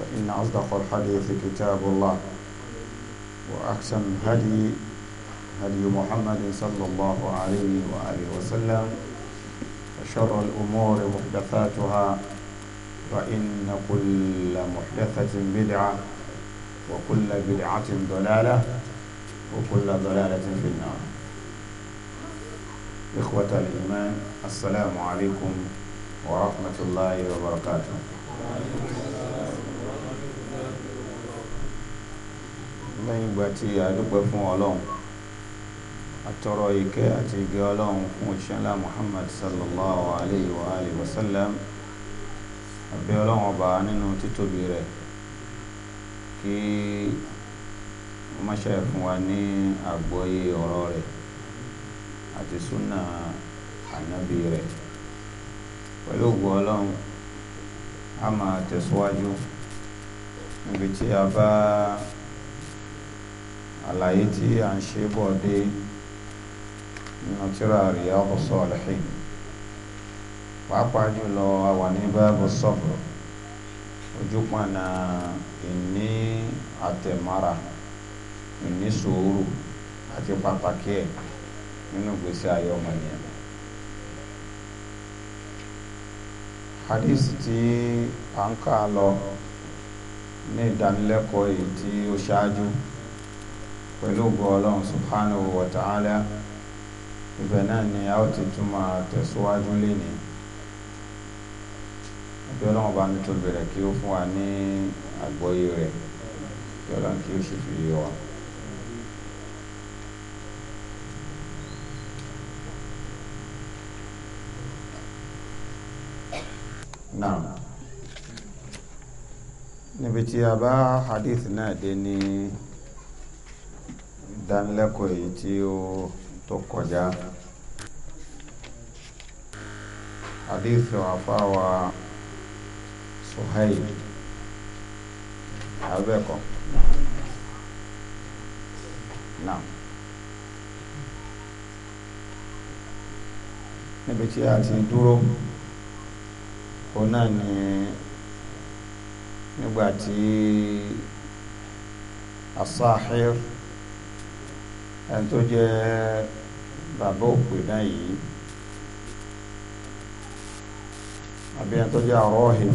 فإن أصدق الحديث كتاب الله وأحسن الهدي هدي محمد صلى الله عليه وآله وسلم وشر الأمور محدثاتها فإن كل محدثة بدعة وكل بدعة ضلالة وكل ضلالة في النار إخوة الإيمان السلام عليكم ورحمة الله وبركاته lẹ́yìn ìgbà tí a dúpẹ́ fún ọlọ́run àtọrọ ìkẹ́ àti ìgẹ́ ọlọ́run fún ìṣẹ́lá muhammad sallallahu alayhi wa alayhi wa sallam àbẹ́ ọlọ́run ọba nínú títóbi rẹ̀ kí mọ́ṣẹ́ fún wa ní àgbọ́yé ọ̀rọ̀ rẹ̀ àti súnà ànábì rẹ̀ pẹ̀lú ògbó ọlọ́run a máa tẹ̀síwájú níbi tí a bá. àlàyé tí a ń ṣe bọ̀ dé nínú tírà Riyadus Salihin pàápàá jùlọ a wà ní báàbù sabr ojúpọ̀nà ìní àtẹ̀mára ìní sùúrù àti pàtàkì ẹ̀ nínú ìgbésí ayé ọmọnìyàn hadith tí a ń pẹ̀lú ògbọ́ ọlọ́run subhanahu wa ta'ala ibẹ̀ náà ni a ó ti túmọ̀ tẹ̀síwájú léni àbí ọlọ́run bá mi tó bẹ̀rẹ̀ kí ó fún wa ní àgbọ́yé rẹ̀ kí kí ó sì fi yé wa. Naam. Níbi tí a bá hadith náà dé ní. Ni ìdánilẹ́kọ̀ọ́ èyí tí ó tó kọjá àdífẹ́ àfáwà Suhaib abẹ́kọ̀ náà níbi tí a ti dúró òun náà ni nígbà tí asáhìr. As ẹni tó jẹ́ bàbá òpèdán yìí àbí ẹni tó jẹ́ àrọ́ọ̀hìn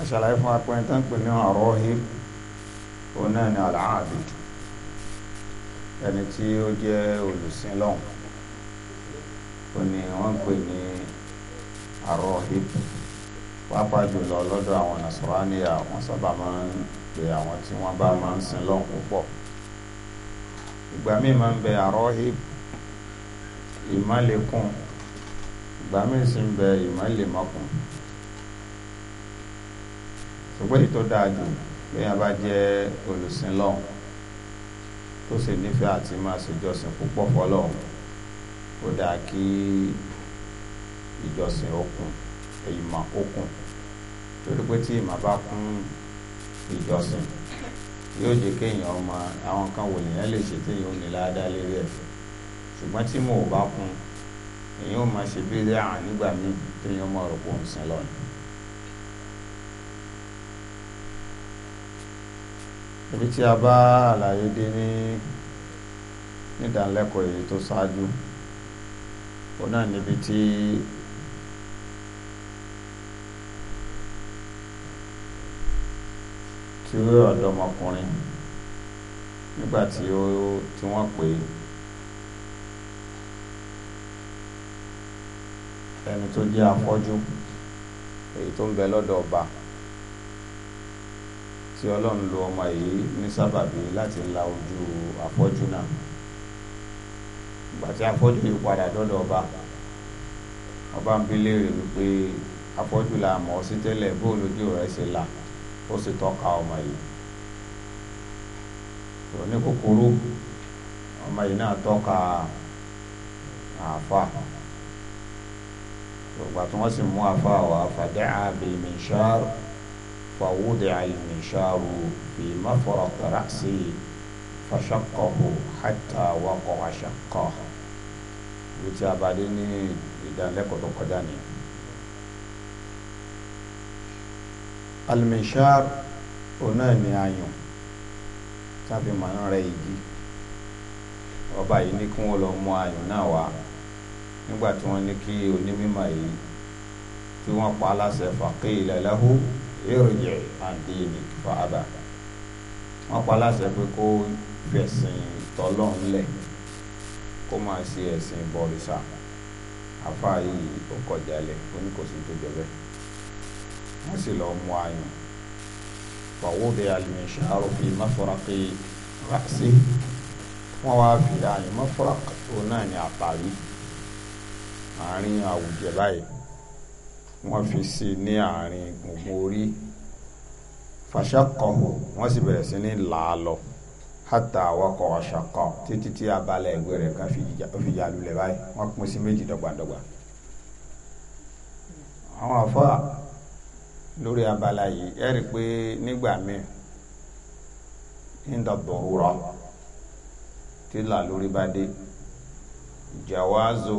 aṣàlàyé fún apẹ́yìn tó ń pè ní àrọ́ọ̀hìn òun náà ni àlàáàbì ẹni tí ó jẹ́ olùsìn lọ́hùn ó ní wọ́n ń pè ní àrọ́ọ̀hìn pàápàá jùlọ lọ́dọ̀ àwọn nàṣọ́rọ́ níyà wọ́n sábà máa ń pè àwọn tí wọ́n bá máa ń sin lọ́hùn púpọ̀ ìgbà míì máa ń bẹ àrọ́hìb ìmálẹ̀kùn ìgbà míì sì ń bẹ ìmálẹ̀mọ́kùn ṣùgbọ́n èyí tó dáa jù lóyìn bá jẹ́ olùsìn lọ́hùn tó sì nífẹ̀ẹ́ àti máa ṣèjọsìn púpọ̀ fọlọ́hùn ó dáa kí ìjọsìn okùn ìmọ̀ okùn torí pé tí ìmọ̀ bá kún ìjọsìn yóò jẹ́ kéèyàn ọmọ àwọn kan wò lèyàn lè ṣe téèyàn ò ní ládàá lérí ẹ̀ ṣùgbọ́n tí mò ń bá kún èyàn ò máa ṣe bílẹ̀ àwọn nígbà míì téèyàn mọ̀ rò pò ń sin lọ́nà. ibi tí a bá àlàyé dé ní nídàálẹ́kọ̀ọ́ èyí tó ṣáájú ó náà níbi tí sí ọ̀dọ́mọkùnrin nígbà tí ó tí wọ́n pè é ẹni tó jẹ́ afọ́jú èyí tó ń bẹ lọ́dọ̀ ọba tí ọlọ́run lo ọmọ yìí ní sábàbí láti la ojú afọ́jú náà ìgbà tí afọ́jú yìí padà dọ́dọ̀ ọba ọba ń bi léèrè wípé afọ́jú la mọ̀ ọ́ sí tẹ́lẹ̀ bóòlù ojú rẹ̀ ṣe là ó sì tọ́ka ọmọ yìí tó ní kúkúrú ọmọ yìí náà tọ́ka àfa gbogbo àti wọ́n sì mú àfa wa fada'a bil minshar fawudi'a al minsharu fi mafraq ra'si fashaqahu hatta waqa'a shaqqahu ibi tí a bá ní ìdánilẹ́kọ̀ọ́ tó kọjá nìyẹn. almishar ọ̀nà ni ayùn tàbí màá ń rẹ igi ọba yìí ní kí wọ́n lọ mú ayùn náà wá nígbà tí wọ́n ní kí onímọ̀ yìí tí wọ́n pa aláṣẹ faqila lahu irji' an dinik fa aba wọ́n pa aláṣẹ pé kó fẹ̀sìn tọ́lọ́n lẹ̀ kó máa ṣe ẹ̀sìn bọ̀rìṣà àfáà yìí ó kọjá lẹ̀ ó ní kò sí tó jẹ bẹ́ẹ̀ wọ́n sì lọ mú ayùn fàwọ́dẹ alìmíṣàrò fi mọ́fọ́rọ́kì rásì wọ́n wá fi ayùn mọ́fọ́rọ́kì tó náà ní àtàrí àárín àwùjẹ báyìí wọ́n fi sí ní àárín gbùngbùn orí fàṣàkọ̀ wọ́n sì bẹ̀rẹ̀ sí ní làálọ̀ hata awakọ̀ ọ̀ṣàkọ̀ títí tí abalẹ̀ ẹgbẹ́ rẹ̀ kan fi yà lulẹ̀ báyìí wọ́n pín sí méjì dọ́gbandọ́gba àwọn àfọ́à lórí abala yìí ẹ rí i pé nígbà míì inda darura tí là lórí bá dé jawazu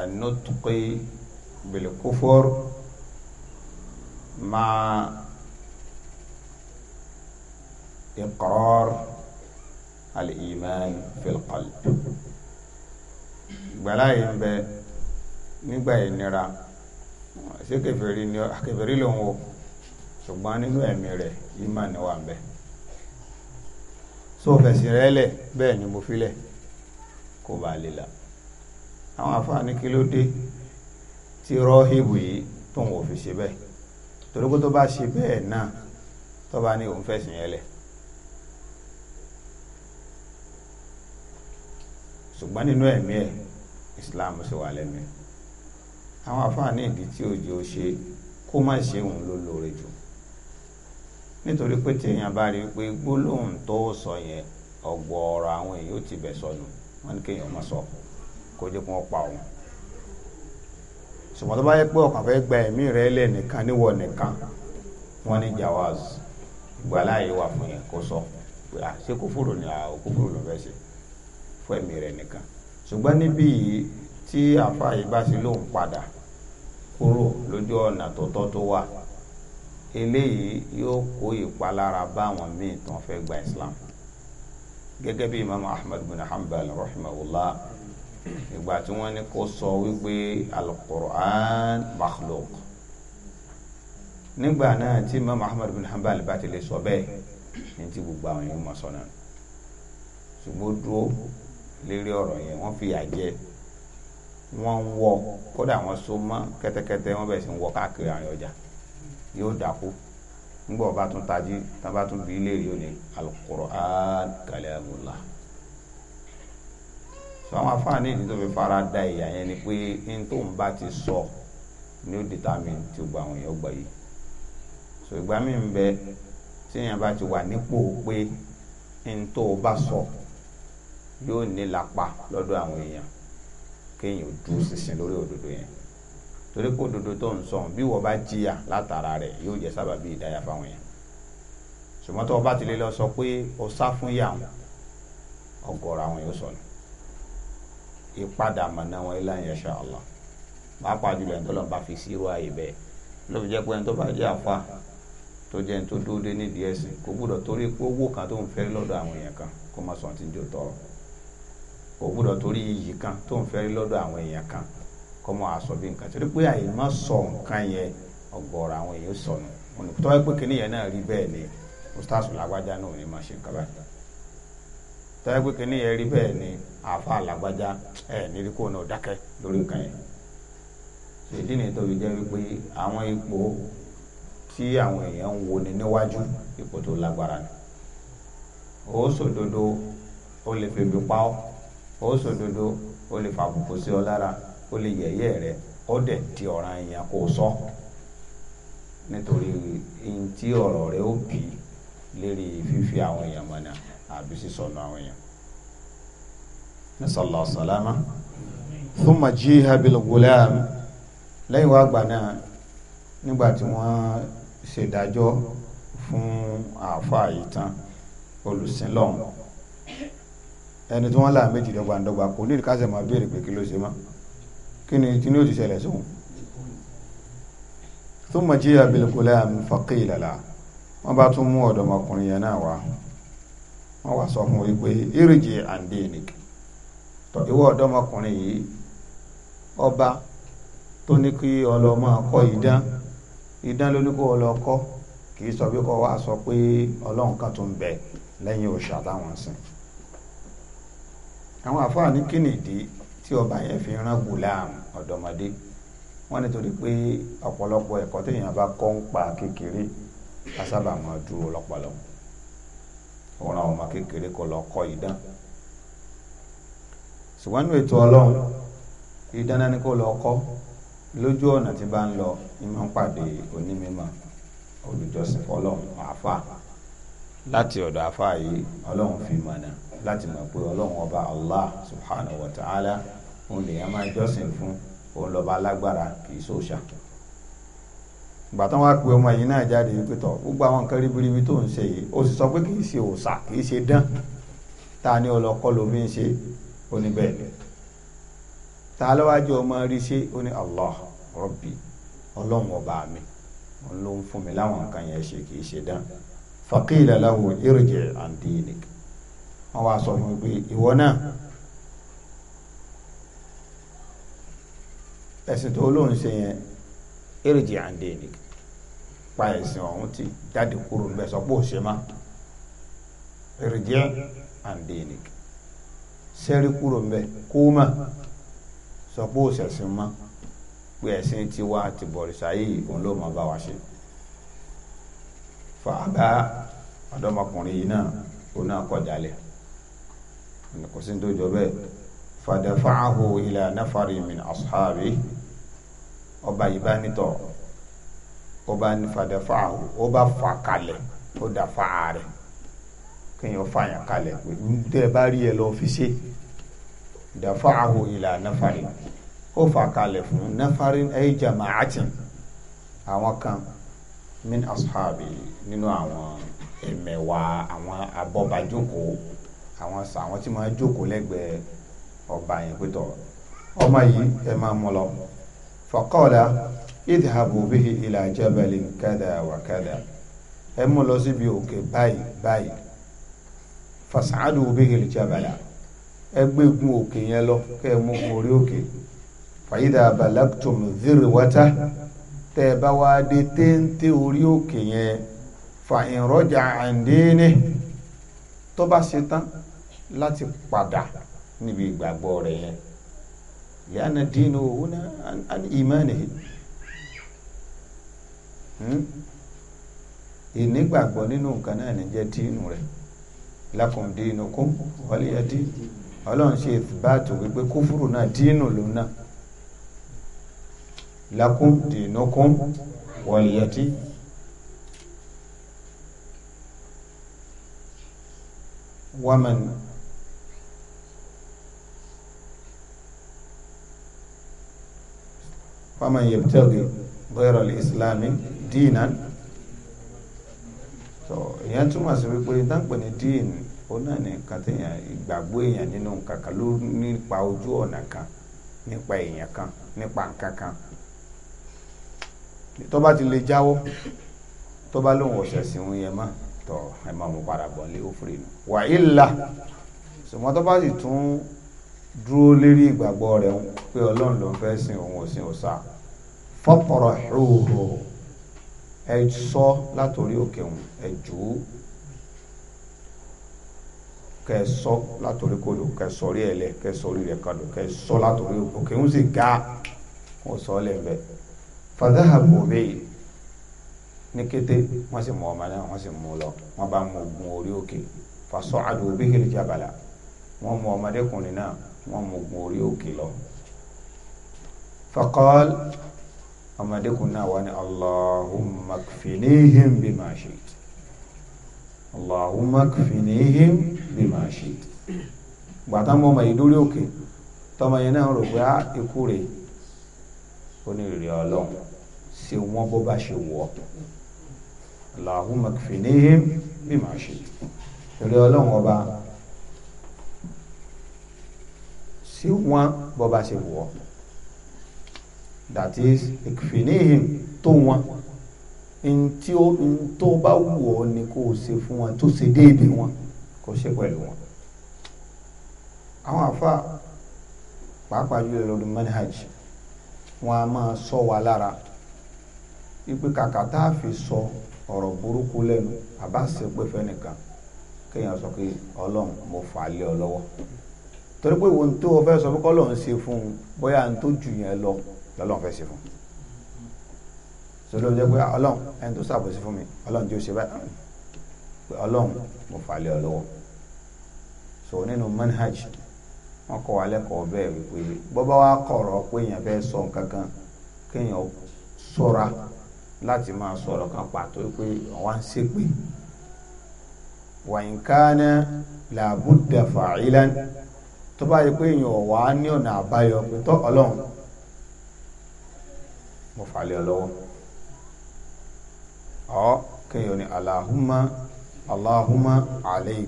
anutqi bil kufur ma iqrar al iman fil qalb gbala yìí ń bẹ nígbà ìnira ṣé kèfèrí ni kèfèrí lòun o ṣùgbọ́n nínú ẹ̀mí rẹ̀ ìmọ̀ ni wà ń bẹ so fẹ̀sìn rẹ̀ lẹ̀ bẹ́ẹ̀ ni mo filẹ̀ kó bá lè la àwọn afáàní kí ló dé tí rọ́hìbù yìí tóun ò fi ṣe bẹ́ẹ̀ torí kó tó bá ṣe bẹ́ẹ̀ náà tó bá ní òun fẹ̀sìn yẹn lẹ̀ ṣùgbọ́n nínú ẹ̀mí ẹ̀ Islam sì wà lẹ́mìí àwọn àfáàní ìdí tí òjò ṣe kó má ṣe òun ló lóore jù nítorí pé téèyàn bá rí i pé gbólóhùn tó sọ yẹn ọ̀gọ̀ọ̀rọ̀ àwọn èèyàn ó ti bẹ̀ sọnù wọn ní kéèyàn má sọ kó jẹ́ kó wọ́n pa òun ṣùgbọ́n tó bá yẹ pé ọkàn fẹ́ gba ẹ̀mí rẹ lẹ̀ nìkan níwọ̀ nìkan wọ́n ní jawaz ìgbàláyé wà fún yẹn kó sọ pé à ṣé kófòrò ni àwọn kófòrò ló fẹ́ ṣe fún ẹ̀mí rẹ nìkan ṣùgbọ́n níbí yìí tí àfáà yìí bá sí lóun padà kúrò lójú ọ̀nà tó tọ́ tó wà eléyìí yóò kó ìpalára báwọn míì tó ń fẹ́ gba Islam gẹ́gẹ́ bí Imam Ahmad bin Hanbal rahimahullah ìgbà tí wọ́n ní kó sọ wípé al-Qur'an nígbà náà tí Imam Ahmad bin Hanbal bá ti lè sọ bẹ́ẹ̀ ní ti gbogbo àwọn yìí mọ̀ sọ ṣùgbọ́n dúró lérí ọ̀rọ̀ yẹn wọ́n fi yà jẹ́ ẹ̀ wọ́n ń wọ kódà wọ́n so mọ́ kẹ́tẹ́kẹ́tẹ́ wọ́n bẹ̀rẹ̀ sí ń wọ káàkiri àárín ọjà yóò dákú nígbà wọ́n bá tún tají tán bá tún bí ilé yóò ní al-Qur'an kalamullah sọ àwọn afáàní ìdí tó fi fara da ìyá yẹn ni pé ní tó ń bá ti sọ ni ó determine tí ó gba àwọn èèyàn gbà yìí sọ ìgbà mi ń bẹ tí èèyàn bá ti wà nípò pé ní tó bá sọ yóò ní lápá lọ́dọ̀ àwọn èèyàn kéèyàn dúró ṣinṣin lórí òdodo yẹn torí pé òdodo tó ń sọ̀n bí wọ́n bá jìyà látara rẹ̀ yóò jẹ́ sábàbí ìdáyà fáwọn yẹn ṣùgbọ́n tó o bá ti lè lọ sọ pé o sá fún yà wọn ọ̀gọ̀rọ̀ àwọn yóò sọnù ìpadà mọ̀nà wọn ilá yẹn ṣá Allah pàápàá jùlọ ẹni tó lọ́n bá fi sírò ààyè bẹ́ẹ̀ ló fi jẹ́ pé ẹni tó bá jẹ́ àfa tó jẹ́ ẹni tó dúró dé nídìí ẹ̀sìn kò gbúdọ̀ torí pé owó kan tó ń fẹ́ lọ́dọ̀ àwọn èèyàn kan kó má sọ ti ń jò tọrọ kò gbúdọ̀ torí iyì kan tó ń fẹ́ rí lọ́dọ̀ àwọn èèyàn kan kọ́ mọ́ àsọ bí nǹkan torí pé àyè má sọ nǹkan yẹn ọ̀gọ̀ọ̀rọ̀ àwọn èèyàn sọnù wọn kò tọ́wọ́ pé kínní yẹn náà rí bẹ́ẹ̀ ni ustaz làgbájá náà ò ní máa ṣe nǹkan báyìí tọ́wọ́ pé kínní yẹn rí bẹ́ẹ̀ ni àáfàá làgbájá ẹ̀ ní rí kó náà dákẹ́ lórí nǹkan yẹn ìdí ni tóbi jẹ́ wípé àwọn ipò tí àwọn èèyàn ń wo ni níwájú ipò tó lágbára ni ó sòdodo ó lè febi pa ọ́ ó sòdodo ó lè fàbùkù sí ọ lára ó lè yẹ̀yẹ́ rẹ ó dẹ̀ di ọ̀ràn èèyàn kó sọ nítorí ihun tí ọ̀rọ̀ rẹ ó bì lérí fífi àwọn èèyàn mọ̀nà àbí sísọnù àwọn èèyàn. nasala salama thumma jiha bil gulam lẹ́yìn wá gbà náà nígbà tí wọ́n ṣèdájọ́ fún àáfàá yìí tán olùsìn lọ́hùn ẹni tí wọ́n là méjì dọ́gbandọ́gba kò ní ìdíkásẹ̀ máa béèrè pé kí ló ṣe mọ́ kí ni tí ní ó ti ṣẹlẹ̀ sóhun tó mọ̀ jí abilékolẹ́ àmìfọ́kẹ́ ìlàlá wọ́n bá tún mú ọ̀dọ́mọkùnrin yẹn náà wá wọ́n wá sọ fún wí pé iriji andinik ìwọ ọ̀dọ́mọkùnrin yìí ọba tó ní kí ọlọ́mọ kọ́ idán idán ló ní kó ọlọ́kọ́ kì í sọ bí kọ́ wá sọ pé ọlọ́run kan tó ń bẹ lẹ́yìn òòṣà táwọn sìn àwọn àfáà ní kí nìdí tí ọba yẹn fi rán gulam ọ̀dọ́mọdé wọ́n nítorí pé ọ̀pọ̀lọpọ̀ ẹ̀kọ́ téèyàn bá kọ́ ń pa kékeré asábà máa dúró lọ́pọlọ òun àwọn ọmọ kékeré kò lọ kọ́ idán ṣùgbọ́n nínú ètò ọlọ́run idán náà ni kò lọ kọ́ lójú ọ̀nà tí bá ń lọ ní máa ń pàdé onímọ̀ olùjọsìn fọlọ́run àáfà láti ọ̀dọ̀ àáfà yìí ọlọ́run fi mọ̀nà láti mọ̀ pé ọlọ́run ọba allah subhanahu wa ta'ala òun lèèyàn máa jọ́sìn fún òun lọ́ba alágbára kì í sòòṣà ìgbà tán wá pe ọmọ yìí náà jáde wípé tọ gbogbo àwọn nǹkan ribiribi tó ń ṣe yìí ó sì sọ pé kì í ṣe òòṣà kì í ṣe dán ta ni ọlọ́kọ́ lomi ń ṣe ó ní bẹ́ẹ̀ ni ta lọ́wájú ọmọ rí ṣe ó ní allah rabbi ọlọ́run ọba mi òun ló ń fún mi láwọn nǹkan yẹn ṣe kì í ṣe dán faqila lahu irji' wọ́n wá sọ fún mi pé ìwọ náà ẹ̀sìn tó lóun ṣe yẹn èrìjì àǹdè ni pa ẹ̀sìn ọ̀hún ti jáde kúrò níbẹ̀ sọ pé ò ṣe má èrìjì àǹdè ni sẹ́rí kúrò níbẹ̀ kó mà sọ pé ò ṣẹ̀sìn má pé ẹ̀sìn tiwa ti bọ̀rìṣà yìí òun ló máa bá wa ṣe fàábà ọ̀dọ́mọkùnrin yìí náà òun náà kọjá lẹ̀ kò sí tó jọ bẹ́ẹ̀ fàdàfàáhù ilà náfàrí min ashabi ọba yìí bá nítọ̀ ọba ní fàdàfàáhù ó bá fà kalẹ̀ ó dà fà rẹ̀ kéèyàn fàyàn kalẹ̀ pé tẹ́ ẹ bá rí ẹ lọ fi ṣe dàfàáhù ilà náfàrí ó fà kalẹ̀ fún náfàrí kan min ashabi nínú àwọn ẹ̀mẹ̀wà àwọn abọ́bajúkòó àwọn sà àwọn tí máa jókòó lẹ́gbẹ̀ẹ́ ọba yẹn pé tọ̀ ọmọ yìí ẹ máa mú lọ faqala idhabu bihi ila jabalin kada wa kada ẹ mú lọ síbi òkè báyìí báyìí fas'adu bihi al-jabala ẹ gbégun òkè yẹn lọ kẹ ẹ mú orí òkè fàyídà balaktum dhirwata tẹ ẹ bá wá dé téńté orí òkè yẹn fa in raja'a tó bá ṣe tán láti padà níbi ìgbàgbọ́ rẹ̀ yẹn yàna dínú òun náà an ìmánì hmm? ìnígbàgbọ́ nínú nǹkan náà ní jẹ́ dínú rẹ̀ lakum dinukum waliya dín ọlọ́run ṣe ìbáàtò wípé kúfúrú náà dínú lòun náà lakum dinukum waliya dín. ومن faman yabtaghi ghayra al-islami díìnà tó ìyẹn túmọ̀ sí wípé dáńpẹ̀ din, díìnì ó náà ní nǹkan téèyàn ìgbàgbọ́ èèyàn nínú nǹkan kan ló nípa ojú ọ̀nà kan nípa èèyàn kan nípa nǹkan kan tó bá ti lè jáwọ́ tó bá lóun ọ̀sẹ̀ sí òun yẹn mọ́ tọ́ ẹ̀ máa mú padà bọ̀ lé òfurufú wà á ìlà ṣùgbọ́n tó bá sì dúró lérí ìgbàgbọ́ rẹ̀ pé ọlọ́run ló ń fẹ́ sin òun ò sin fọ́pọ̀rọ̀ ẹ sọ látòrí òkè òun ẹ jù ú kẹ sọ látòrí kẹ sọrí kẹ sọrí rẹ kẹ sọ látòrí òkè òun sì ga wọn sọ fàdáhàbò ní kété sì mú ọmọ náà sì mú lọ bá mú orí òkè mú wọ́n mọ̀gùn orí òkè lọ faqal ọmọdékùnrin náà wà ní allahumma kfinihim bima shit allahumma kfinihim bima shit gbàtà mọ́ ọmọ yìí dórí òkè tọmọ yẹn náà rò pé á ah, ikú rè ó ní ìrè ọlọ́run ṣe wọ́n bó bá ṣe wọ̀ allahumma kfinihim bima shit ìrè ọlọ́run ọba sí wọn bọ́ba ṣe wọ̀ that is ìfìníhìn tó wọn ntí ó ntó bá wù ọ́ ni kò ṣe fún wọn tó ṣe déédéé wọn kò ṣe pẹ̀lú wọn. àwọn àfa pàápàá jùlọ lọ́dún manhaj wọn a máa sọ wa lára ipe kàkà tá a fi sọ ọ̀rọ̀ burúkú lẹ́nu àbá ṣe pé fẹ́nìkan kéèyàn sọ pé ọlọ́run mo fà á lé ọ lọ́wọ́ torí pé ohun tó o fẹ́ sọ fún kọ́lọ̀ ń ṣe fún un bóyá ń tó jù yẹn lọ lọ́lọ́ fẹ́ ṣe fún un sọ ló jẹ́ pé ah, ọlọ́run ẹni tó ṣàbòsí fún mi ọlọ́run tí ó ṣe báyìí pé ọlọ́run mo fà lé ọ lọ́wọ́ so nínú manhaj wọn kọ́ wa lẹ́kọ̀ọ́ bẹ́ẹ̀ wípé bọ́bá wa kọ̀rọ̀ pé èèyàn fẹ́ sọ nǹkan kan kéèyàn ṣọ́ra láti máa sọ̀rọ̀ kan pàtó pé wọ́n ń ṣépè wàyínkáná làbúdà fàáìlán tó bá yẹ pé èèyàn wà ní ọ̀nà àbáyọ ọlọ́run mo fàlẹ́ ọ aláhùmá aláhùmá aláhùmá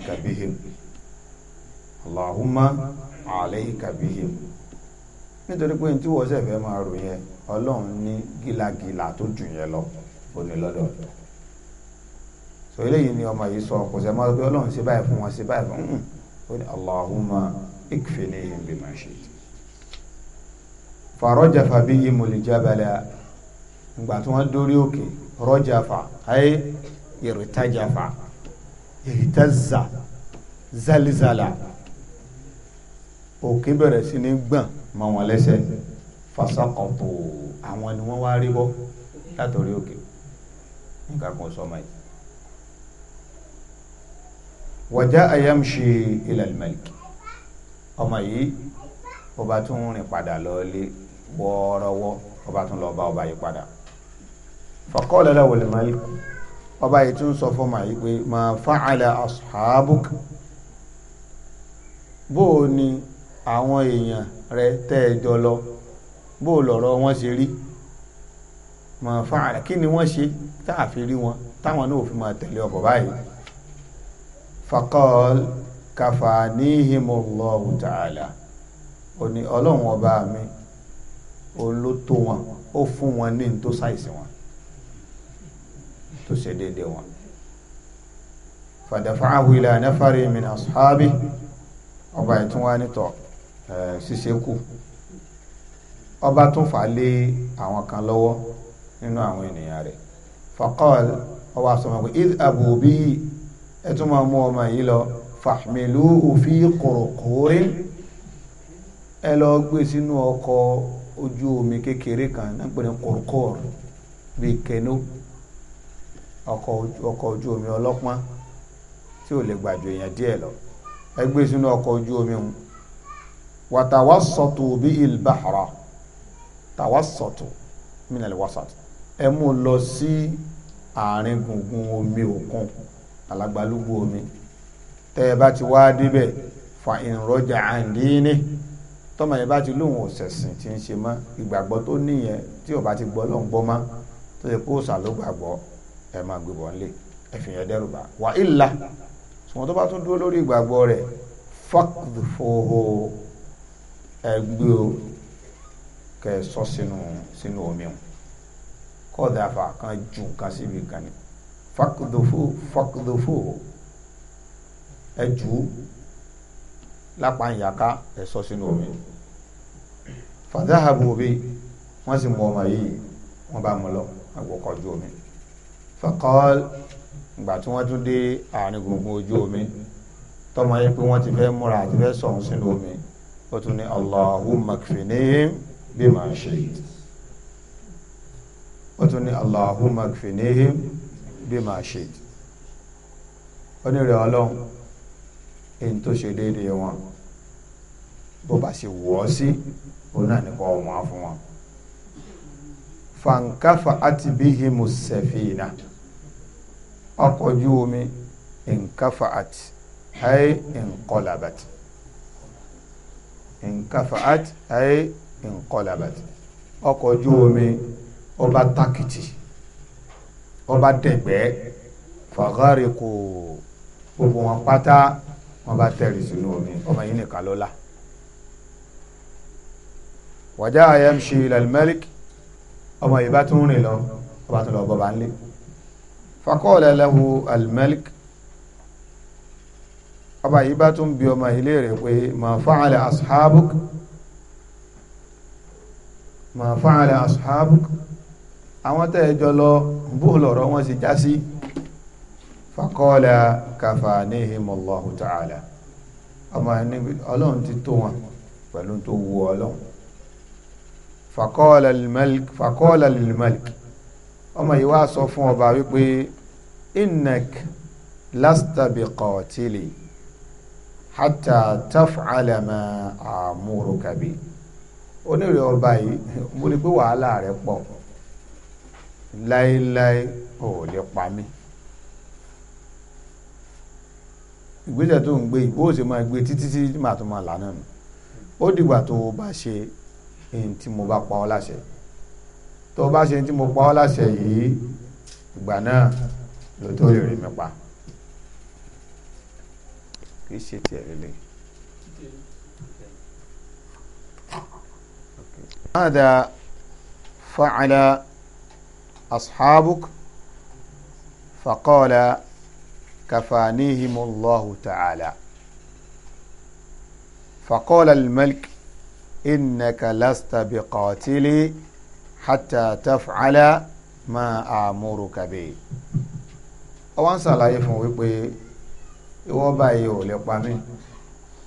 nítorí pé tí wọ́n máa rò yẹn ọlọ́run ní tó jù yẹn lọ òní lọ́dọ̀ so eléyìí ni ọmọ yìí sọ kò sẹ́ máa sọ pé ọlọ́run ṣe báyìí fún wọn ṣe báyìí fún un ó ikfinihim bima shi'ta fàrọ́jàfà bí yìí mo lè jábàlẹ̀ ìgbà tí wọ́n dórí òkè rọ́jàfà ayé ìrìtàjàfà ìrìtàzà zalizala òkè bẹ̀rẹ̀ sí ní gbọ̀n mọ́ wọn lẹ́sẹ̀ fasakọ̀tò àwọn ni wọ́n wá rí bọ́ látọ̀rí òkè nǹkan kan sọmọ yìí wàjá àyàmṣe ilal malik ọmọ yìí ọba tún rìn padà lọ́ọ́lé wọ́ọ́rọ́wọ́ ọba tún lọ bá ọba yìí padà faqala lahu al-malik ọba yìí tún sọ fún ọmọ yìí pé ma fa'ala ashabuk bó o ní àwọn èèyàn rẹ tẹ́ ẹ jọ lọ bó o wọn ṣe rí ma fa'ala kí ni wọ́n ṣe tá a fi rí wọn táwọn náà ò fi máa tẹ̀lé ọkọ̀ báyìí faqala. kafanihimullahu ta'ala ó ni ọlọ́run ọba mi òun ló tó wọn ó fún wọn ní tó ṣàìsí wọn tó ṣe déédéé wọn fàdàfàáhù ila ọba ìtún wá nítọ̀ ṣíṣe ọba tún fà lé àwọn kan lọ́wọ́ nínú àwọn ènìyàn ọba sọmọ pé id abu tún fahmiluhu fi qurqurin ẹ lọ gbé sínú ọkọ̀ ojú omi kékeré kan náà pè ní qurqur bíi kẹnú ọkọ̀ ojú omi ọlọ́pọ́n tí ò lè gbàjọ èèyàn díẹ̀ lọ ẹ gbé sínú ọkọ̀ ojú omi hùn wàtàwásọ̀tù bí ìlbàrà tàwásọ̀tù mínàlì wásàtù ẹ mú lọ sí àárín gbùngbùn omi òkun alágbálúgbú omi tẹ́ ẹ bá ti wá débẹ̀ fa ìrọ̀jà àǹdíní tọ́mọ yẹn bá ti lóun ọ̀sẹ̀sìn tí ń ṣe mọ́ ìgbàgbọ́ tó níyẹn tí ò bá ti gbọ́ lọ́n gbọ́ mọ́ tó yẹ kó sà ló gbàgbọ́ ẹ máa gbébọn lé ẹ̀fìn yẹn dẹ́rù bá wà ìlà ṣùgbọ́n tó bá tún dúró lórí ìgbàgbọ́ rẹ̀ fọ́kùfòhò ẹgbẹ́ o kẹ sọ sínú sínú omi o kọ́ọ̀dà fà kan ju nǹkan síbi kan ni fọ́kùdòfò fọ́kùdòfò ẹ jù ú lápá ìyàká ẹ sọ sínú omi fàdáhàbù òbí wọ́n sì mú ọmọ yìí wọ́n bá mú lọ àgbọ̀kọ̀ ojú omi fàkọ́ọ́l ìgbà tí wọ́n tún dé àárín gbùngbùn ojú omi tọmọ yẹ pé wọ́n ti fẹ́ múra àti fẹ́ sọ̀hún sínú omi ó tún ní allahumma kfinihim bima shi'ta ó tún ní allahumma kfinihim bima shi'ta ó ní rẹ̀ ọlọ́run n tó ṣe déédéé wọn bó bá ṣe wọ́ sí òun náà nìkan ọ̀wọ́n á fún wọn. fankafa àti bíhi musafina ọkọ̀ ojú omi nkafa àti ayé nkọlabàtì nkafa àti ayé nkọlabàtì ọkọ̀ omi ọba takìtì ọba dẹ̀gbẹ́ fàgárìkò gbogbo wọn pátá wọ́n bá tẹ̀rì sínú omi ọmọ yìí nìkan ló là wàjá yamshi ilal malik ọmọ yìí bá tún rìn lọ ọba tún lọ bọba ńlẹ̀ faqala lahu al malik ọba yìí bá tún bi ọmọ yìí léèrè pé ma fa'ala ashabuk ma fa'ala ashabuk àwọn tẹ́ ẹ jọ lọ bó lọ̀rọ̀ wọn sì já sí fakọ́lá kafanihim Allahu ta'ala ọmọ níbi ọlọ́run ti tó wọn pẹ̀lú tó wu ọlọ́run fakọ́lá lilmalik fakọ́lá lilmalik ọmọ yìí wá sọ fún ọba wípé innak lasta biqatili hatta taf'ala ma amuruka bi onírè ọba yìí mo rí pé wàhálà rẹ̀ pọ̀ láéláé ò lè pa mí. ìgbésẹ̀ tó ń gbé bó ṣe máa gbé títí tí màá tó máa là náà nù ó dìgbà tó o bá ṣe ẹni tí mo bá pa ọ́ láṣẹ tó o bá ṣe ẹni tí mo pa ọ́ láṣẹ yìí ìgbà náà ló tó lè rí mi pa kì í ṣe tiẹ̀ lélẹ̀. ماذا فعل أصحابك فقال كفانيهم الله تعالى فقال الملك إنك لست بقاتلي حتى تفعل ما آمرك به àwọn ṣàlàyé fún wípé ìwọ báyìí ò lè pa mí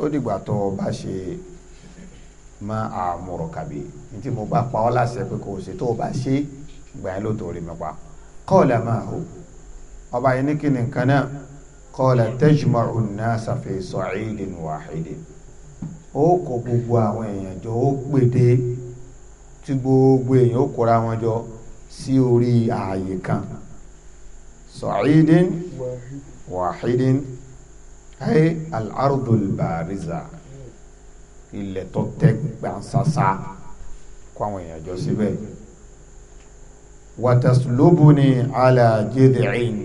ó dìgbà tó o bá ṣe ma àmúrọ̀kà bí ní tí mo bá pa ọ́ láṣẹ pé kò ṣe tó o bá ṣe ìgbà yẹn ló tó rí mi pa kọ́ọ̀lá máa hù ọba yìí ní kí ni nǹkan náà qala tajma'u an-nasa fi sa'idin wahidin ó kó gbogbo àwọn èèyàn jọ ó gbèdé tí gbogbo èèyàn ó kóra wọn jọ sí orí ààyè kan sa'idin wahidin ayé al-ardul bariza ilẹ̀ tó tẹ́ gbàǹsàsà kó àwọn èèyàn jọ síbẹ̀ wàtàsílóbùnì alájẹ́dẹ̀ẹ́yìn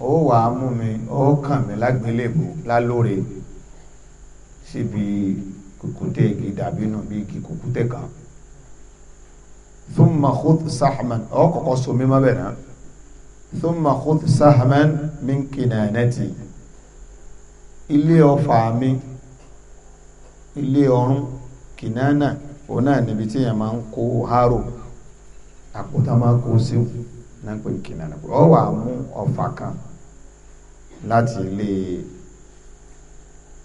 ó wà á mú mi ó kàn mí lágbélébù lálórí síbi kùkùté igi dàbínú bí igi kùkùté kan thumma khudh sahman ó kọ́kọ́ so mi má bẹ̀rẹ̀ thumma khudh sahman min kinanati ilé ọfà mi ilé ọrùn kìnánà òun náà níbi tí yẹn máa ń haro àpótá máa kó síw náà pé kìnnà náà pé ọ wà mú ọfà kan láti ilé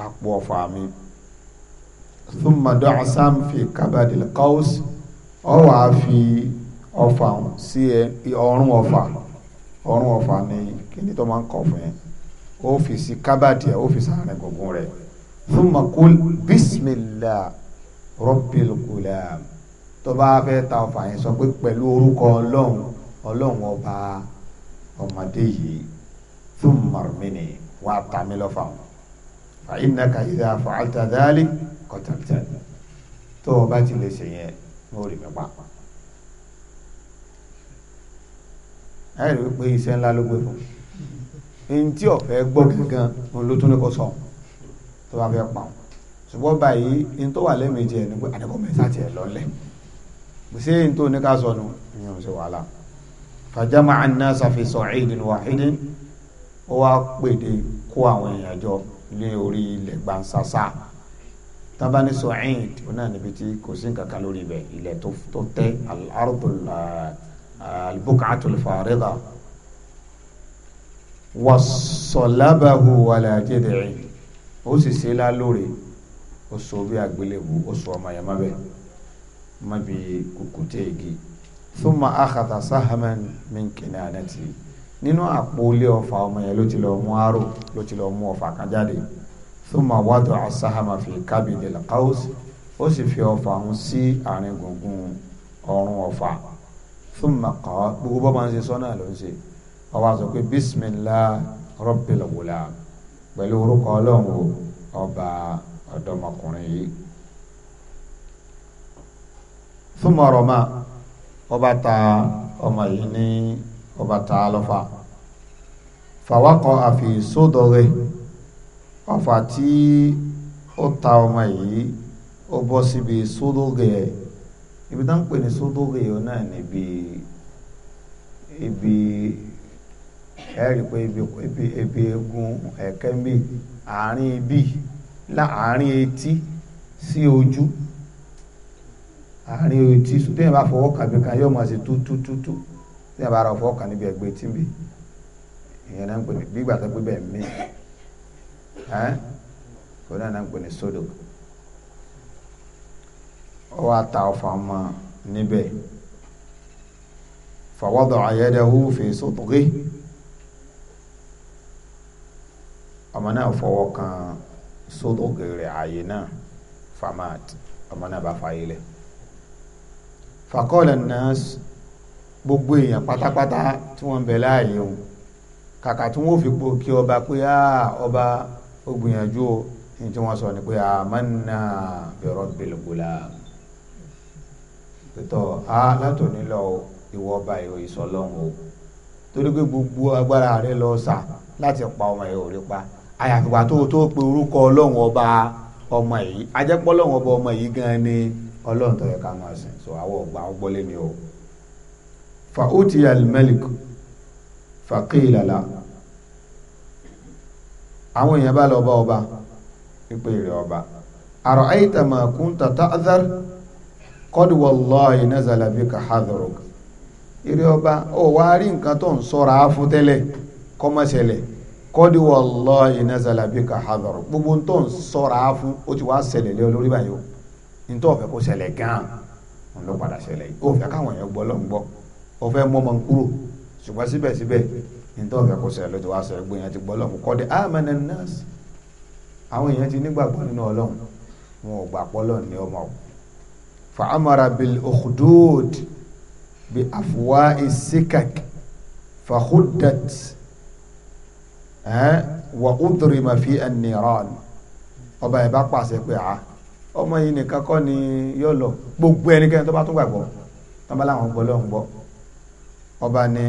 àpò ọfà mi thumma dọ́ọ̀ sam fi kabadil qaws ọ wà á fi ọfà sí ọrùn ọfà ọrùn ọfà ni kíni tó máa ń kọ fún fi sí kábàdì ẹ ó fi sàárín gbogbo rẹ thumma kul bismillah rabbil gulam tó bá fẹ́ ta ọfà yẹn sọ pé pẹ̀lú orúkọ ọlọ́run ọlọ́run ọba ọmọdé yìí tún mọ̀rọ̀mìnì wàá ta mí lọ́fà wọn. fa innaka idha fa'alta dhalik qataltani tó o bá ti lè ṣe yẹn ní orí mi pa. ẹ rí i pé iṣẹ́ ńlá ló gbé fún un ntí ọ̀fẹ́ gbọ́ gangan ló tún ní kó sọ tó bá fẹ́ pa wọn. ṣùgbọ́n báyìí ntọ́wà lẹ́mìí jẹ́ ẹni pé àdàkọ́ mẹ́ta tiẹ̀ lọ́lẹ̀ ṣé n tó ní ká sọnù ìyẹn ò ṣe wàhálà fàjámà an-nasa fi sa'idin wahidin ó wá pèdè kó àwọn èèyàn jọ lé orí ilẹ̀ gbansasa tábà ní sa'id ó náà níbi tí kò sí nǹkan kan lórí ibẹ̀ ilẹ̀ tó al-ardul al fariga wasọ̀lábàhù wàlàjẹ́dẹ̀ẹ́ ó sì ṣe lá lórí ó sọ bí àgbélébù ó sọ ọmọ yẹn mabi kukutegi thumma akhadha sahaman min kinanati nínú àpòlé ọfà ọmọ yẹn ló ti lọ mú aró ló ti lọ mú ọfà kan jáde thumma wada'a sahama fi kabidil qaws ó sì fi ọfà ọ̀hún sí àárín gbùngbùn ọrùn ọfà thumma qala gbogbo bọ́ máa ń ṣe sọ́nà ló ń ṣe ọba sọ pé bismillah rabbil ghulam pẹ̀lú orúkọ ọlọ́run ọba ọ̀dọ́mọkùnrin yìí. fún ma ọba ta ọmọ yìí ní ọba ta lọ́fà fàwákọ̀ àfi sódọ̀rẹ́ ọfà tí ó ta ọmọ yìí ó bọ́ síbi sódọ̀rẹ́ ibi tá ń pè ní sódọ̀rẹ́ yìí náà níbi ibi ẹ̀rí pé ibi ibi egun ẹ̀kẹ́ mi àárín ibi láàárín etí sí ojú. Si àárín etí téèyàn bá fọwọ́ kàn bí kan yóò máa ṣe tú tú tú tú téèyàn bá ra fọwọ́ kàn níbi ẹ̀gbẹ́ tí ń bì ìyẹn náà ń pè ní gbígbà tó gbé bẹ́ẹ̀ mí ẹ́ kò náà náà ń pè ní sódò ó wá ta ọ̀fà ọmọ níbẹ̀ fàwọ́dọ̀ ayẹ́dẹ́hù fi sótòkè ọmọ náà fọwọ́ kan sódòkè rẹ̀ ààyè náà famat ọmọ náà bá fàyè lẹ̀ fàkọ́ọ̀lẹ̀ nọ́ọ̀sì gbogbo èèyàn pátápátá tí wọ́n ń bẹ láàyè òun kàkà tí wọ́n fi gbó kí ọba pé á ọba ó gbìyànjú o ní tí wọ́n sọ ni pé àmánà bi rabbil gulam pẹ̀tọ́ á látòní lọ ìwọ ọba ìwọ ìsọlọ́hún o torí pé gbogbo agbára rẹ lọ sà láti pa ọmọ ìwọ rẹ pa àyàfìgbà tó tó pe orúkọ ọlọ́hún ọba ọmọ yìí ajẹ́pọ̀ ọlọ́hún ọba ọmọ yìí gan ni ọlọ́run tó yẹ ká máa sìn so àwọn ọgbà ọgbọ́lé mi o fa uti al-malik fa qila la àwọn èèyàn bá lọ bá ọba pípé rẹ̀ ọba ara'ayta ma kunta ta'dhar qad wallahi nazala bika hadhruk ìrẹ́ ọba ó wá rí nǹkan tó ń sọ́ra fún kọ́mọ́sẹ̀lẹ̀ qad wallahi nazala bika hadhruk gbogbo tó ń sọ́ra fún ó ti wá ṣẹlẹ̀ lé olórí báyìí nítorí ọ̀fẹ́ kó ṣẹlẹ̀ gan-an òun ló padà ṣẹlẹ̀ yìí òfẹ́ káwọn èèyàn gbọ́ lọ́n gbọ́ òfẹ́ mọ́ mọ́ ń kúrò ṣùgbọ́n síbẹ̀síbẹ̀ nítorí ọ̀fẹ́ kó ṣẹlẹ̀ ló ti wá sọ ẹgbẹ́ yẹn ti gbọ́ lọ́n kọ́ de amẹ́nẹ́ nọ́ọ̀sì àwọn èèyàn ti nígbàgbọ́ nínú ọlọ́run wọn ò gbàgbọ́ lọ́run ní ọmọ fa amara bil okhdud bi afuwa isikak fa khuddat eh, wa udrima fi an ọba ẹ̀ bá pàṣẹ pé a. Ah, ọmọ yìí nìkan kọ́ ni yóò lọ gbogbo ẹnikẹ́ni tó bá tún gbàgbọ́ tó bá láwọn gbọ́ lọ́hùn gbọ́ ọba ní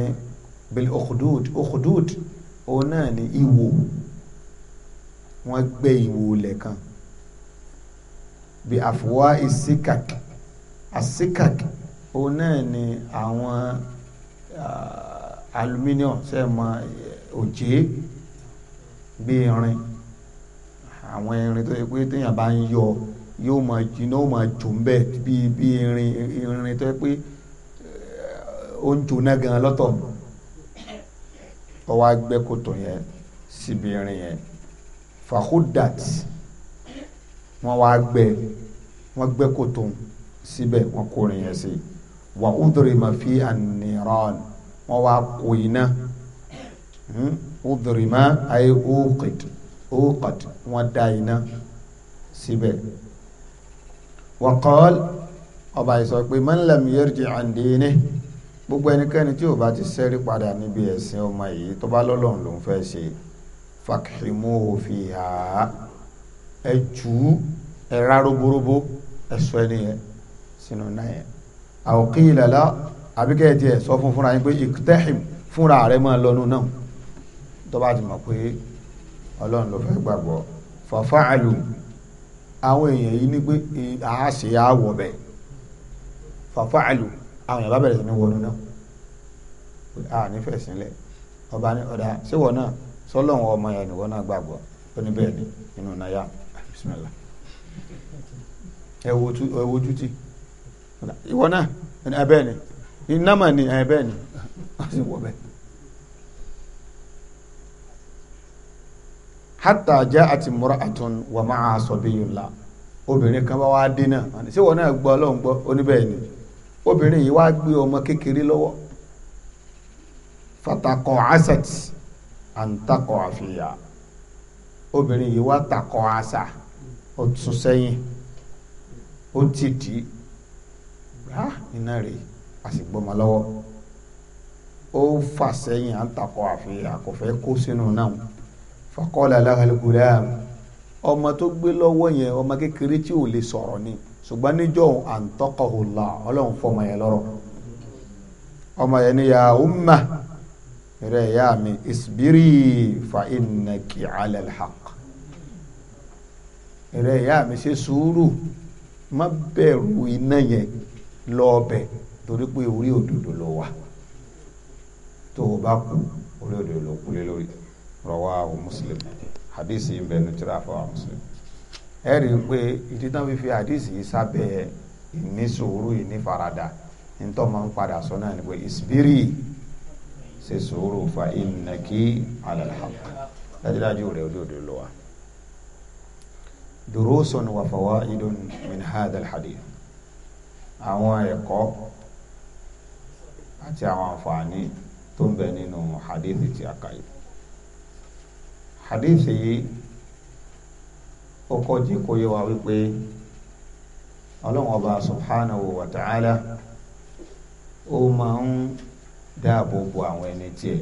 bil okudud okudud òun náà ní ìwò wọ́n gbé ìwò lẹ́kan bí àfọwá ìsíkàk àsíkàk òun náà ní àwọn aluminium ṣe mọ òjé bí irin àwọn irin tó yẹ pé téèyàn bá ń yọ ọ yóò máa jiná ó máa jò ń bẹ bí bí irin irin tó yẹ pé eh, ó ń jò náà gan lọ́tọ̀ ọwọ́ agbẹ́ kòtò yẹn síbi irin yẹn fahudat wọ́n wá gbẹ́ wọ́n gbẹ́ kòtò síbẹ̀ wọ́n kó irin yẹn sí wà udiri ma fi aniran wọ́n wá kó iná hmm? udiri ma ayé ókèd ókèd wọ́n da iná síbẹ̀ wọ́kọ́ọ́l ọba ìsọ pé man lam yarji an dinihi gbogbo ẹnikẹ́ni tí ò bá ti ṣẹ́rí padà níbi ẹ̀sìn ọmọ yìí tó bá lọ́lọ́run ló ń fẹ́ ṣe fakhimuhu fiha ẹ jù ú ẹ rá roborobo ẹ sọ ẹni yẹn sínú náà yẹn aw la àbíkẹ́ ẹ tiẹ̀ sọ fún fúnra yín pé iktahim fúnra rẹ̀ máa lọ́nu náà ti mọ̀ pé ọlọ́run ló fẹ́ gbàgbọ́ fa fa'alu àwọn èèyàn yìí ní pé àwọ̀ bẹ̀ àwọn èèyàn bá bẹ̀rẹ̀ sí ní wọnú náà a nífẹ̀ẹ́ sílẹ̀ ọba ní ọ̀dà síwọ̀ náà ọmọ yẹn náà ni inú bisimilá ẹ ìwọ náà ni iná mà ni ni hatta ja'at imra'atun wa ma'a sabiyyullah obìnrin kan bá wá dé náà wọn ṣé wọn náà gbọ́ ọlọ́run gbọ́ oníbẹ̀ ni obìnrin yìí wá gbé ọmọ kékeré lọ́wọ́ fatakọ asat antakọ àfihà obìnrin yìí wá takọ asa ó tún sẹ́yìn ó ti dì gbá iná rèé a sì gbọ́mọ lọ́wọ́ ó fà sẹ́yìn antakọ àfihà kò fẹ́ kó sínú náà faqala lahal gulam ọmọ tó gbé lọ́wọ́ yẹn ọmọ kékeré tí ò lè sọ̀rọ̀ ni ṣùgbọ́n níjọ́ antaqahu Allah ọlọ́run fọmọ yẹn lọ́rọ̀ ọmọ yẹn ni ya umma rẹ ya mi isbiri fa innaki ala alhaq rẹ ya mi ṣe sùúrù má bẹ̀rù iná yẹn lọ́ọ̀bẹ̀ torí pé orí òdodo ló wà tó o bá kú orí òdodo ló kú lé lórí rawahu muslim hadisi yìí ń bẹ nínú tírà àfọwà muslim ẹ rí i pé ìdí tán fífi hadisi yìí sábẹ́ ìnísòwúrú ìnífaradà nítorí máa ń padà sọ náà ni pé ìsibírì ṣe sòwúrú fa ìnàkí alàlhàmù dájúdájú rẹ̀ olóòdó lọ wa durusun wa fawaidun min hadha alhadith àwọn ẹ̀kọ́ àti àwọn àǹfààní tó ń bẹ nínú hadithi tí a hadith yìí ó kọjú kó yẹ wá wípé ọlọ́run ọba subhanahu wa ta'ala ó máa ń dáàbò bo àwọn ẹni tiẹ̀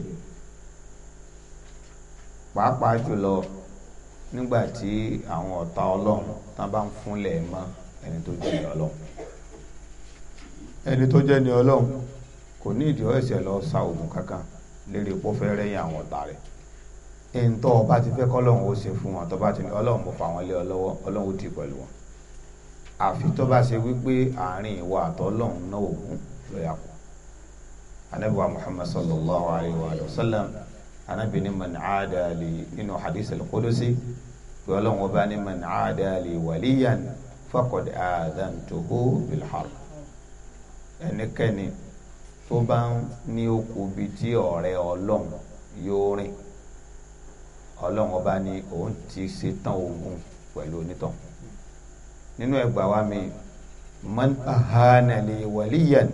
pàápàá jùlọ nígbà tí àwọn ọ̀tá ọlọ́run tán bá ń fúnlẹ̀ mọ́ ẹni tó jẹ́ ní ọlọ́run ẹni tó jẹ́ ní ọlọ́run kò ní ìdí ọ̀ẹ̀sẹ̀ lọ sa oògùn kankan lérí pọ́fẹ́rẹ́yìn àwọn ọ̀tá rẹ̀ ntọ́ ọba ti fẹ́ kọ́lọ́hún ó ṣe fún wọn tọ́ba ti ní ọlọ́hún mo fà wọ́n lé ọlọ́wọ́ ọlọ́hún ti pẹ̀lú wọn àfi tọ́ba ṣe wípé àárín ìwà àtọ́lọ́hún náà ògùn ló yà kú anabiwa muhammad sallallahu alayhi wa sallam anabi ni man caadaali inu hadith al-qudusi pé ọlọ́hún ọba ni man caadaali waliyan faqad aadantuhu bilharb ẹnikẹ́ni tó bá ní okùn bíi ti ọ̀rẹ́ ọlọ́hún yóò rìn ọlọ́run ọba ní òun ti ṣetán ogun pẹ̀lú onítàn nínú ẹgbàá wa mi man ahana li waliyan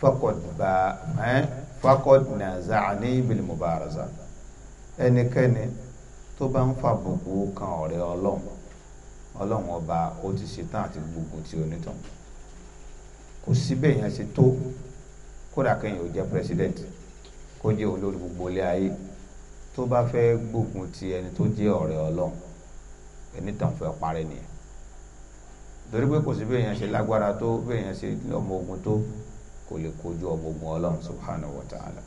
fakod ba ẹ eh, fakod naza'ani bil mubaraza ẹnikẹ́ni tó bá ń fa bùkù kan ọ̀rẹ́ ọlọ́run ọlọ́run ọba ó ti ṣetán àti gbogbo ti onítàn kò síbẹ̀ yẹn ṣe tó kódà kẹ́yìn ò jẹ́ pírẹsidẹ́ǹtì kó jẹ́ olórí gbogbo ilé ayé tó bá fẹ́ gbógun ti ẹni tó jẹ́ ọ̀rẹ́ ọlọ́run ẹni tàn fẹ́ parẹ́ nìyẹn torí pé kò sí bí èèyàn ṣe lágbára tó bí èèyàn ṣe ọmọ ogun tó kò lè kojú ọmọ ogun ọlọ́run subhanahu wa ta'ala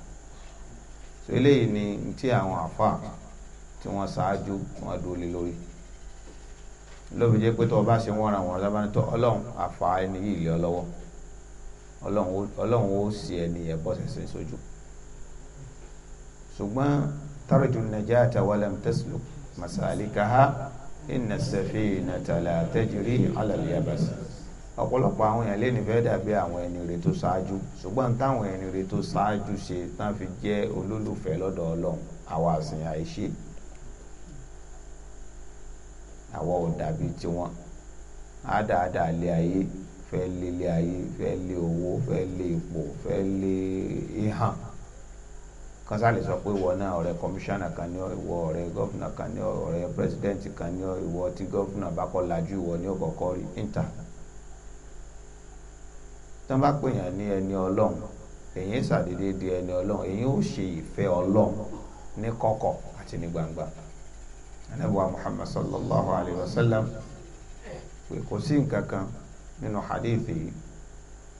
so eléyìí ni ti àwọn àfa tí wọ́n ṣáájú wọn dúró lé lórí lóbi jẹ́ pé tó o bá ṣe wọ́n ra wọn lábá ní tó ọlọ́run àfa ẹni yìí lé ọ ọlọ́run ó sì ẹni yẹn bọ́ sẹ̀sẹ̀ tarju النجاة ولم tasluk مسالكها إن السفينة لا تجري على اليابس. yabas ọ̀pọ̀lọpọ̀ àwọn èèyàn lé nífẹ̀ẹ́ dàbí àwọn ẹni rè tó ṣáájú ṣùgbọ́n táwọn ẹni rè tó ṣáájú ṣe tán fi jẹ́ olólùfẹ́ lọ́dọ̀ ọlọ́run àwa àsìn àìṣe àwa ò dàbí tiwọn á dáadáa lé ayé fẹ́ lé lé ayé fẹ́ lé owó fẹ́ lé ipò fẹ́ lé ìhàn kan sáà lè sọ pé kọmishọna náà ọ̀rẹ́ kọmíṣánná kan ní ọ ìwọ ọ̀rẹ́ gọ́fìnà kan ní ọ ọ̀rẹ́ pírẹsidẹ́ǹtì kan ní ọ ìwọ tí gọ́fìnà bá kọ́ lajú ìwọ ní rí níta. tí di ẹni èyí ó ṣe ní àti ní gbangba. muhammad alayhi wa sallam pé kò kan nínú hadith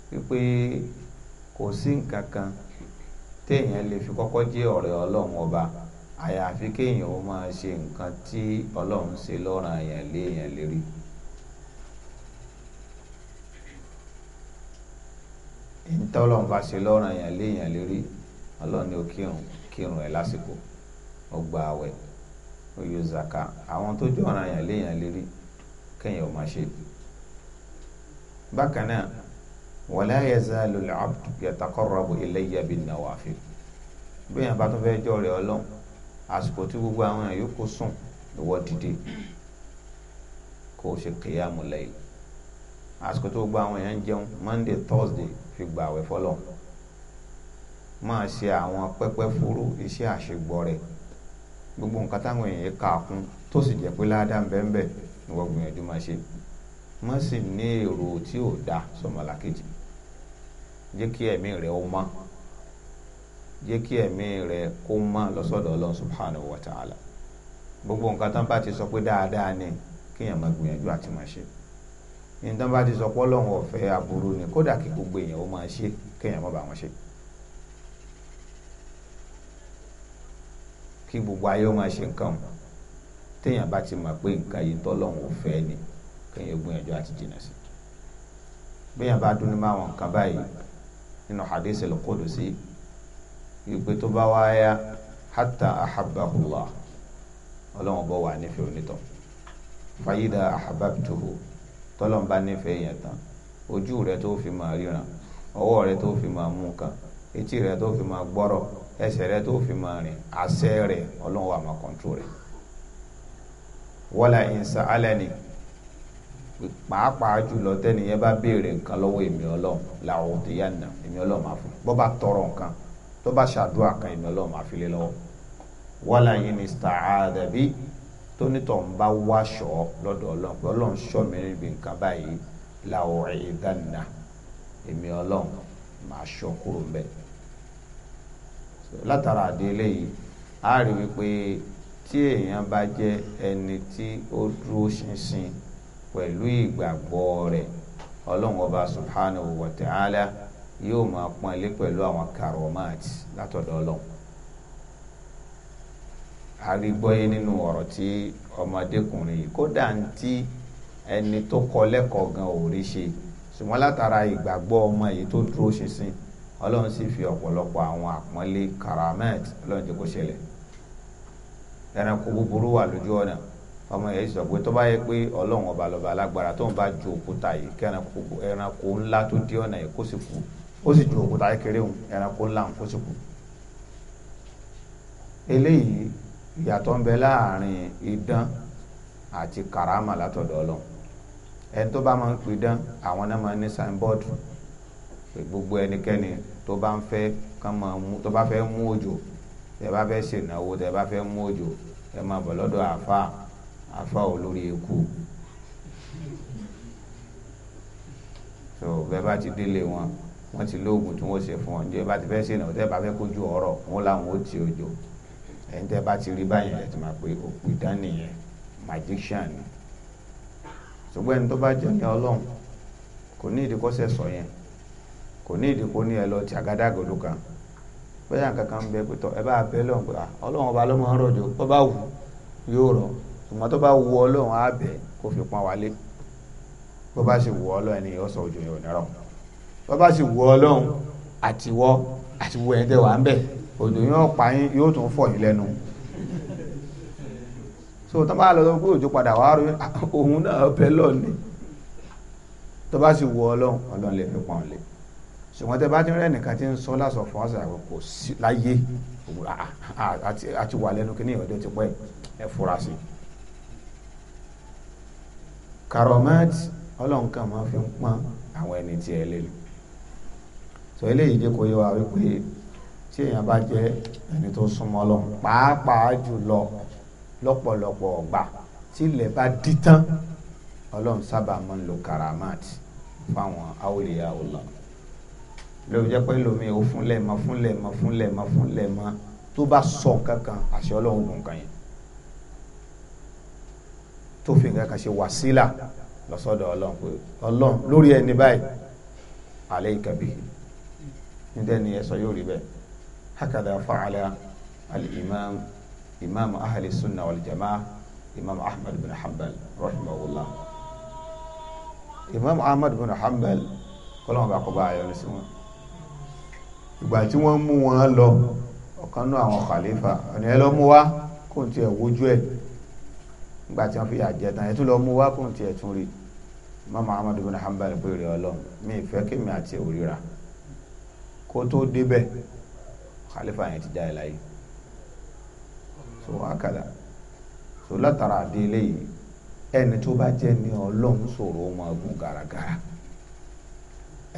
yìí kò sí kan téèyàn lè fi kọ́kọ́ jẹ́ ọ̀rẹ́ ọlọ́run ọba àyàfi kéèyàn ó máa ṣe nǹkan tí ọlọ́run ṣe lọ́ràn àyàn léèyàn lérí. ìtọ́lọ́run bá ṣe lọ́ràn àyàn léèyàn lérí ọlọ́run ni ó kírun kírun ẹ̀ lásìkò ó gba àwẹ̀ ó yọ zaka àwọn tó jọ̀ràn àyàn léèyàn lérí kéèyàn ó máa ṣe. bákan náà wala yazalu al-abdu yataqarrabu ilayya bin-nawafil bóyá bá tún fẹ́ jọ rẹ̀ ọlọ́run àsìkò tí gbogbo àwọn èèyàn yòókù sùn ìwọ dìde kó o ṣe qiyamul layl àsìkò tí gbogbo àwọn èèyàn ń jẹun monday thursday fi gbà àwẹ̀ fọlọ́ máa ṣe àwọn pẹ́pẹ́ fúrú iṣẹ́ àṣegbọ́ rẹ̀ gbogbo nǹkan táwọn èèyàn kà kún tó sì jẹ́ pé ládàá bẹ́ẹ̀ bẹ́ẹ̀ ni wọ́n gbìyànjú máa ṣe má ní èrò tí ò dáa sọmọlàkejì. So jẹ́ kí ẹ̀mí rẹ̀ ó mọ́ jẹ́ kí ẹ̀mí rẹ̀ kó mọ́ lọ́sọ̀dọ̀ ọlọ́run subhanahu wa ta'ala gbogbo nǹkan tán bá ti sọ pé dáadáa ni kéèyàn máa gbìyànjú àti máa ṣe ní tán bá ti sọ pé ọlọ́run ọ̀fẹ́ aburú ni kódà kí gbogbo èèyàn ó máa ṣe kéèyàn má bá wọn ṣe. kí gbogbo ayé ó máa ṣe nǹkan mu téèyàn bá ti mọ̀ pé nǹkan yìí tọ́lọ́run ò fẹ́ ni kéèyàn gbìyànjú àti jìnnà sí. béèyàn bá dún ní máwọn nǹkan báyìí nínú hadith al-Qudusi ìpè tó bá wá yá hatta ahabbahullah ọlọ́run bọ́ wà nífẹ̀ẹ́ onítọ̀ fayida ahabbabtuhu tọ́lọ́n bá nífẹ̀ẹ́ yẹn tán ojú rẹ tó fi máa ríran ọwọ́ rẹ tó fi máa mú nǹkan etí rẹ tó fi máa gbọ́rọ̀ ẹsẹ̀ rẹ tó fi máa rìn àṣẹ rẹ ọlọ́run wà máa kọ́ńtró rẹ wala in sa'alani pàápàá jùlọ tẹ́niyẹn bá béèrè nǹkan lọ́wọ́ èmi ọlọ́run làwọn òde yà nà èmi ọlọ́run máa fún bọ́ bá tọrọ nǹkan tó bá ṣàdúrà kan èmi ọlọ́run máa fi lé lọ́wọ́ wàhálà yìí ni sàáda bí tónítọ̀ ń bá wáṣọ lọ́dọ̀ ọlọ́run pé ọlọ́run ṣọ́ mi níbi nǹkan báyìí làwọn ìdá nà èmi ọlọ́run máa ṣọ́ kúrò ń bẹ̀ látara àdéhélé yìí a rí wípé tí èèyàn bá jẹ́ ẹni tí ó dúró ṣinṣin pẹ̀lú ìgbàgbọ́ rẹ̀ ọlọ́run ọba subhanahu wa ta'ala yóò máa pọ́nlé pẹ̀lú àwọn karomat látọ̀dọ̀ ọlọ́run arígbọ́yé nínú ọ̀rọ̀ tí ọmọdékùnrin yìí kódà ń tí ẹni tó kọ lẹ́kọ̀ọ́ gan ò rí ṣe ṣùgbọ́n látara ìgbàgbọ́ ọmọ yìí tó dúró ṣinṣin ọlọ́run sì fi ọ̀pọ̀lọpọ̀ àwọn àpọ́nlé karamet ọlọ́run jẹ́ kó ṣẹlẹ̀ ẹranko búburú wà lójú ọ̀nà ọmọ yẹn sọ pé tó bá yẹ pé ọlọ́run ọba lọ́ba alágbára tó ń bá ju òkúta yìí kí ẹranko ńlá tó dé ọ̀nà yìí kó sì kú ó sì ju òkúta kékeré òun ẹranko ńlá òun kó sì kú. eléyìí ìyàtọ̀ ń bẹ láàrin idán àti karama látọ̀dọ̀ ọlọ́run ẹni tó bá máa ń pidán àwọn náà máa ń ní signboard pé gbogbo ẹnikẹ́ni tó bá ń fẹ́ kán máa mú tó bá fẹ́ mú òjò tẹ bá fẹ́ ṣènáwó tẹ bá fẹ́ mú òjò ẹ máa bọ̀ lọ́dọ̀ àáfàá afa olórí ikú so bẹ́ẹ̀ bá ti délé wọn wọn ti lóògùn tí wọn ṣe fún ọ níjẹ bá ti fẹ́ ṣe náà tẹ́ bá fẹ́ kojú ọ̀rọ̀ wọn làwọn ó ti òjò ẹ̀yin tẹ́ bá ti rí báyìí ẹ̀ ti máa pe òkú ìdánìyẹn magician ṣùgbọ́n ẹni tó bá jẹ́ ní ọlọ́run kò ní ìdíkọ́sẹ̀ sọ yẹn kò ní ìdíkọ́ ní ẹ lọ ti àgádágodo kan bóyá nǹkan kan bẹ pé tọ ẹ bá bẹ lọ́n pé ọlọ́run ọba ló máa ń rọ̀jò bó wù yóò rọ̀ ṣùgbọ́n tó bá wù ọlọ́run á bẹ̀ kó fi pọn wálé bó bá sì wù ọlọ́run ẹni yóò sọ ojú yẹn ò ní rọ bó bá sì wù ọlọ́run àtiwọ́ àtiwọ́ ẹ̀ dẹ̀ wà ń bẹ̀ òjò yóò pa yín yóò tún fọ̀ yín lẹ́nu so tó bá lọ sọ pé òjò padà wàá rí òun náà bẹ lọ́ọ̀ni tó bá sì wù ọlọ́run ọlọ́run lè fi pọn lé ṣùgbọ́n tẹ bá ti rẹ́ nìkan tí ń sọ lásọ fún ọ̀sẹ̀ àwọn kò sí láyé àti wà lẹ́nu kí ní ti pẹ́ ẹ fura sí i karomat ọlọ́run kan máa fi ń pọ́n àwọn ẹni tí ẹ lè lò sọ eléyìí jẹ́ kó yé wa wípé tí èèyàn bá jẹ́ ẹni tó súnmọ́ ọlọ́run pàápàá jùlọ lọ́pọ̀lọpọ̀ ọ̀gbà tí bá dí tán ọlọ́run sábà máa ń lo karamat fáwọn awòlíyà ọlọ́ lórí jẹ́ pé lómi ò fúnlẹ̀ mọ́ fúnlẹ̀ mọ́ fúnlẹ̀ mọ́ fúnlẹ̀ mọ́ tó bá sọ kankan àṣẹ ọlọ́run gùn yẹn tó fi nǹkan kan ṣe wàsílà lọ́sọ́dọ̀ ọlọ́run pé ọlọ́run lórí ẹni báyìí alẹ́ ìkàbí níbẹ̀ ni ẹ sọ yóò rí bẹ́ẹ̀ hakada fa'ala al-imam imam ahli sunna wal jama'a imam ahmad bin hanbal rahimahullah imam ahmad bin hanbal kọ́lọ́mù bá kọ́ bá ayọ̀ sí wọn ìgbà tí wọ́n mú wọn lọ ọ̀kan náà àwọn khalifa ọ̀nà ẹ lọ mú wa kó n tiẹ̀ wojú ẹ̀ nígbà tí wọ́n fi yà jẹ tán ẹ̀ tún lọ mú wákùn tiẹ̀ tún rí mọ́mọ́ ahmadu bin hanbal pé rẹ̀ mi ìfẹ́ kémi àti òríra kó tó débẹ̀ khalifa yẹn ti jáde láyé so akala so látara àdé eléyìí ẹni tó bá jẹ́ ni ọlọ́run sọ̀rọ̀ ó máa gùn gàràgàrà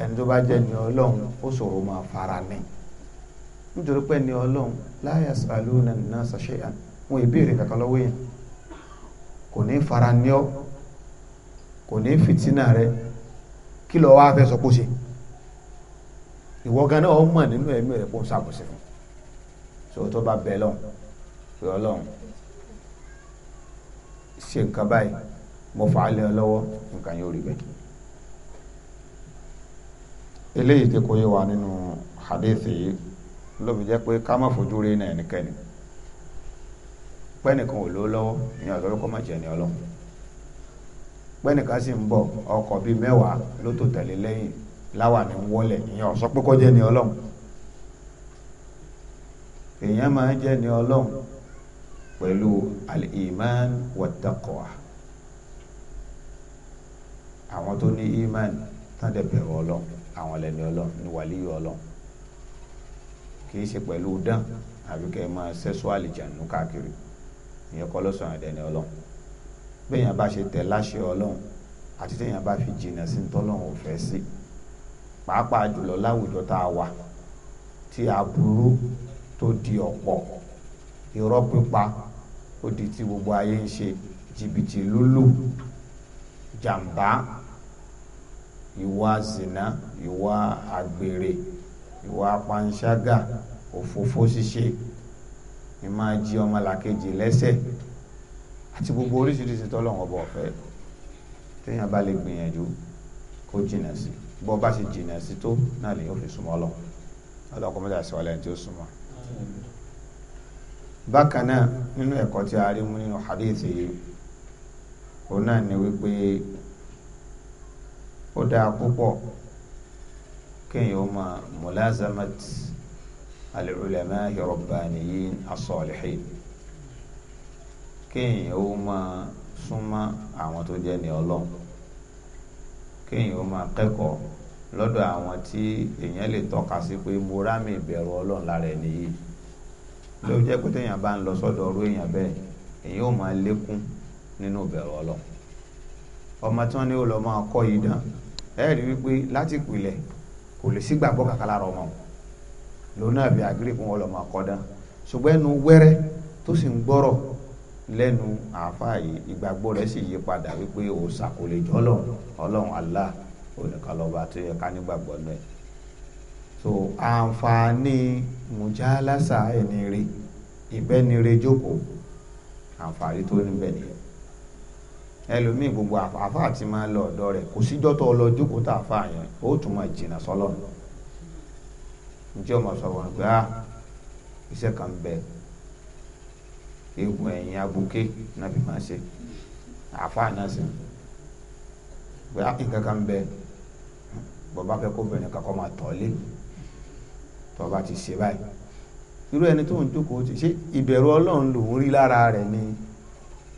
ẹni tó bá jẹ́ ni ọlọ́run ó sọ̀rọ̀ ó máa fara ní nítorí pé ni ọlọ́run la yasaluna nnasa shay'an wọn ìbéèrè kankan lọ́wọ́ yẹn kò ní fara ní ọ kò ní fìtínà rẹ kí lọ wá fẹ́ sọ pé ó ṣe ìwọ gan náà ó mọ̀ nínú ẹ̀mí rẹ pé ó ń ṣàbòsí tó bá bẹ lọ́hùn pé ọlọ́hùn ṣe nǹkan báyìí mo fà á lé ọ lọ́wọ́ nǹkan yóò rí bẹ́ẹ̀ eléyìí tí kò yé wa nínú hadithi yìí ló fi jẹ́ pé ká má fojú rí náà ẹnikẹ́ni pẹ́nìkan ò lówó lọ́wọ́ ìyẹn ọ̀dọ́ kọ́ máa jẹ́ ní ọlọ́run pẹ́nìkan sì ń bọ̀ ọkọ̀ bíi mẹ́wàá ló tó tẹ̀lé lẹ́yìn láwà ní wọlé ìyẹn ọ̀sọ́ pé jẹ́ ní ọlọ́run èèyàn máa ń jẹ́ ní ọlọ́run pẹ̀lú al-iman wat-taqwa àwọn tó ní iman tán dẹ̀ bẹ̀rù ọlọ́run àwọn lẹ́ni ọlọ́run ní wàlíyù ọlọ́run kì í ṣe pẹ̀lú dán ìyẹn kọ́ ló sọ̀rọ̀ ẹ̀dẹ̀ ní ọlọ́run bẹ́ẹ̀yàn bá ṣe tẹ̀ láṣẹ ọlọ́run àti tẹ̀yàn bá fi jìnnà sí tọ́lọ́run ò fẹ́ sí pàápàá jùlọ láwùjọ tá a wà tí aburú tó di ọ̀pọ̀ irọ́ pípa ó di tí gbogbo ayé ń ṣe jìbìtì lólò jàǹbá ìwà zina ìwà àgbèrè ìwà panṣágà òfófó ṣíṣe. Si ìmọ̀ jí ọmọ làkejì lẹ́sẹ̀ àti gbogbo oríṣiríṣi tọ́lọ́wọ́n ọba ọ̀fẹ́ téèyàn bá lè gbìyànjú kó jìnà sí bọ́ bá ṣe jìnà sí tó náà lè yóò fi súnmọ́ lọ ọlọ́kọ́ mẹ́ta sí ọlẹ́ni tí ó súnmọ́ bákan náà nínú ẹ̀kọ́ tí a rí mú nínú hadith yìí òun náà ni wípé ó dáa púpọ̀ kéèyàn ó máa mulazamat العلماء ربانيين الصالحين. كين as سما kéèyàn جني الله. كين àwọn tó jẹ́ ní ọlọ́run kéèyàn ó máa kẹ́kọ̀ọ́ lọ́dọ̀ àwọn tí èèyàn lè tọ́ka sí pé mo rámì ìbẹ̀rù ọlọ́run lára ẹni yìí ló jẹ́ pé téèyàn bá ń lọ sọ́dọ̀ ọrú èèyàn bẹ́ẹ̀ èèyàn ó máa lékún nínú ìbẹ̀rù ọlọ́run ọmọ tí wọ́n ní ó lọ máa kọ́ yìí dán ẹ̀ẹ́dì wípé láti ìpìlẹ̀ kò lè sígbàgbọ́ kàkà lára ọmọ wọn lòun náà bí agiri kún ọlọmọ akọdán ṣùgbọ́n ẹnu wẹ́rẹ́ tó sì ń gbọ́rọ̀ lẹ́nu àáfàá yìí ìgbàgbọ́ rẹ̀ sì yí padà wípé òòṣà kò jọ ọlọ́run ọlọ́run Allah onìkan lọ́ba tó yẹ ká nígbàgbọ́ náà so àǹfààní mùjálásà ẹni rí ìbẹ́ni rí jókòó àǹfààní tó níbẹ̀ nìyẹn ẹlòmíì gbogbo àfáà ti máa lọ ọ̀dọ̀ rẹ̀ kò síjọ́ tó lọ jókòó tàfáà ó tún máa jìnnà sọ́lọ́run njẹ́ o ma sọ wọn pé ah iṣẹ́ kan bẹ egun ẹ̀yìn abuké náà fi máa ṣe àáfàá náà sì pé ah nǹkan kan bẹ bọ́ba fẹ́ kó bẹ̀rẹ̀ kakọ́ máa tọ̀ lé tọ́ba ti ṣe báyìí irú ẹni tó ń jókòó ti ṣe ìbẹ̀rù ọlọ́run lòún rí lára rẹ̀ ni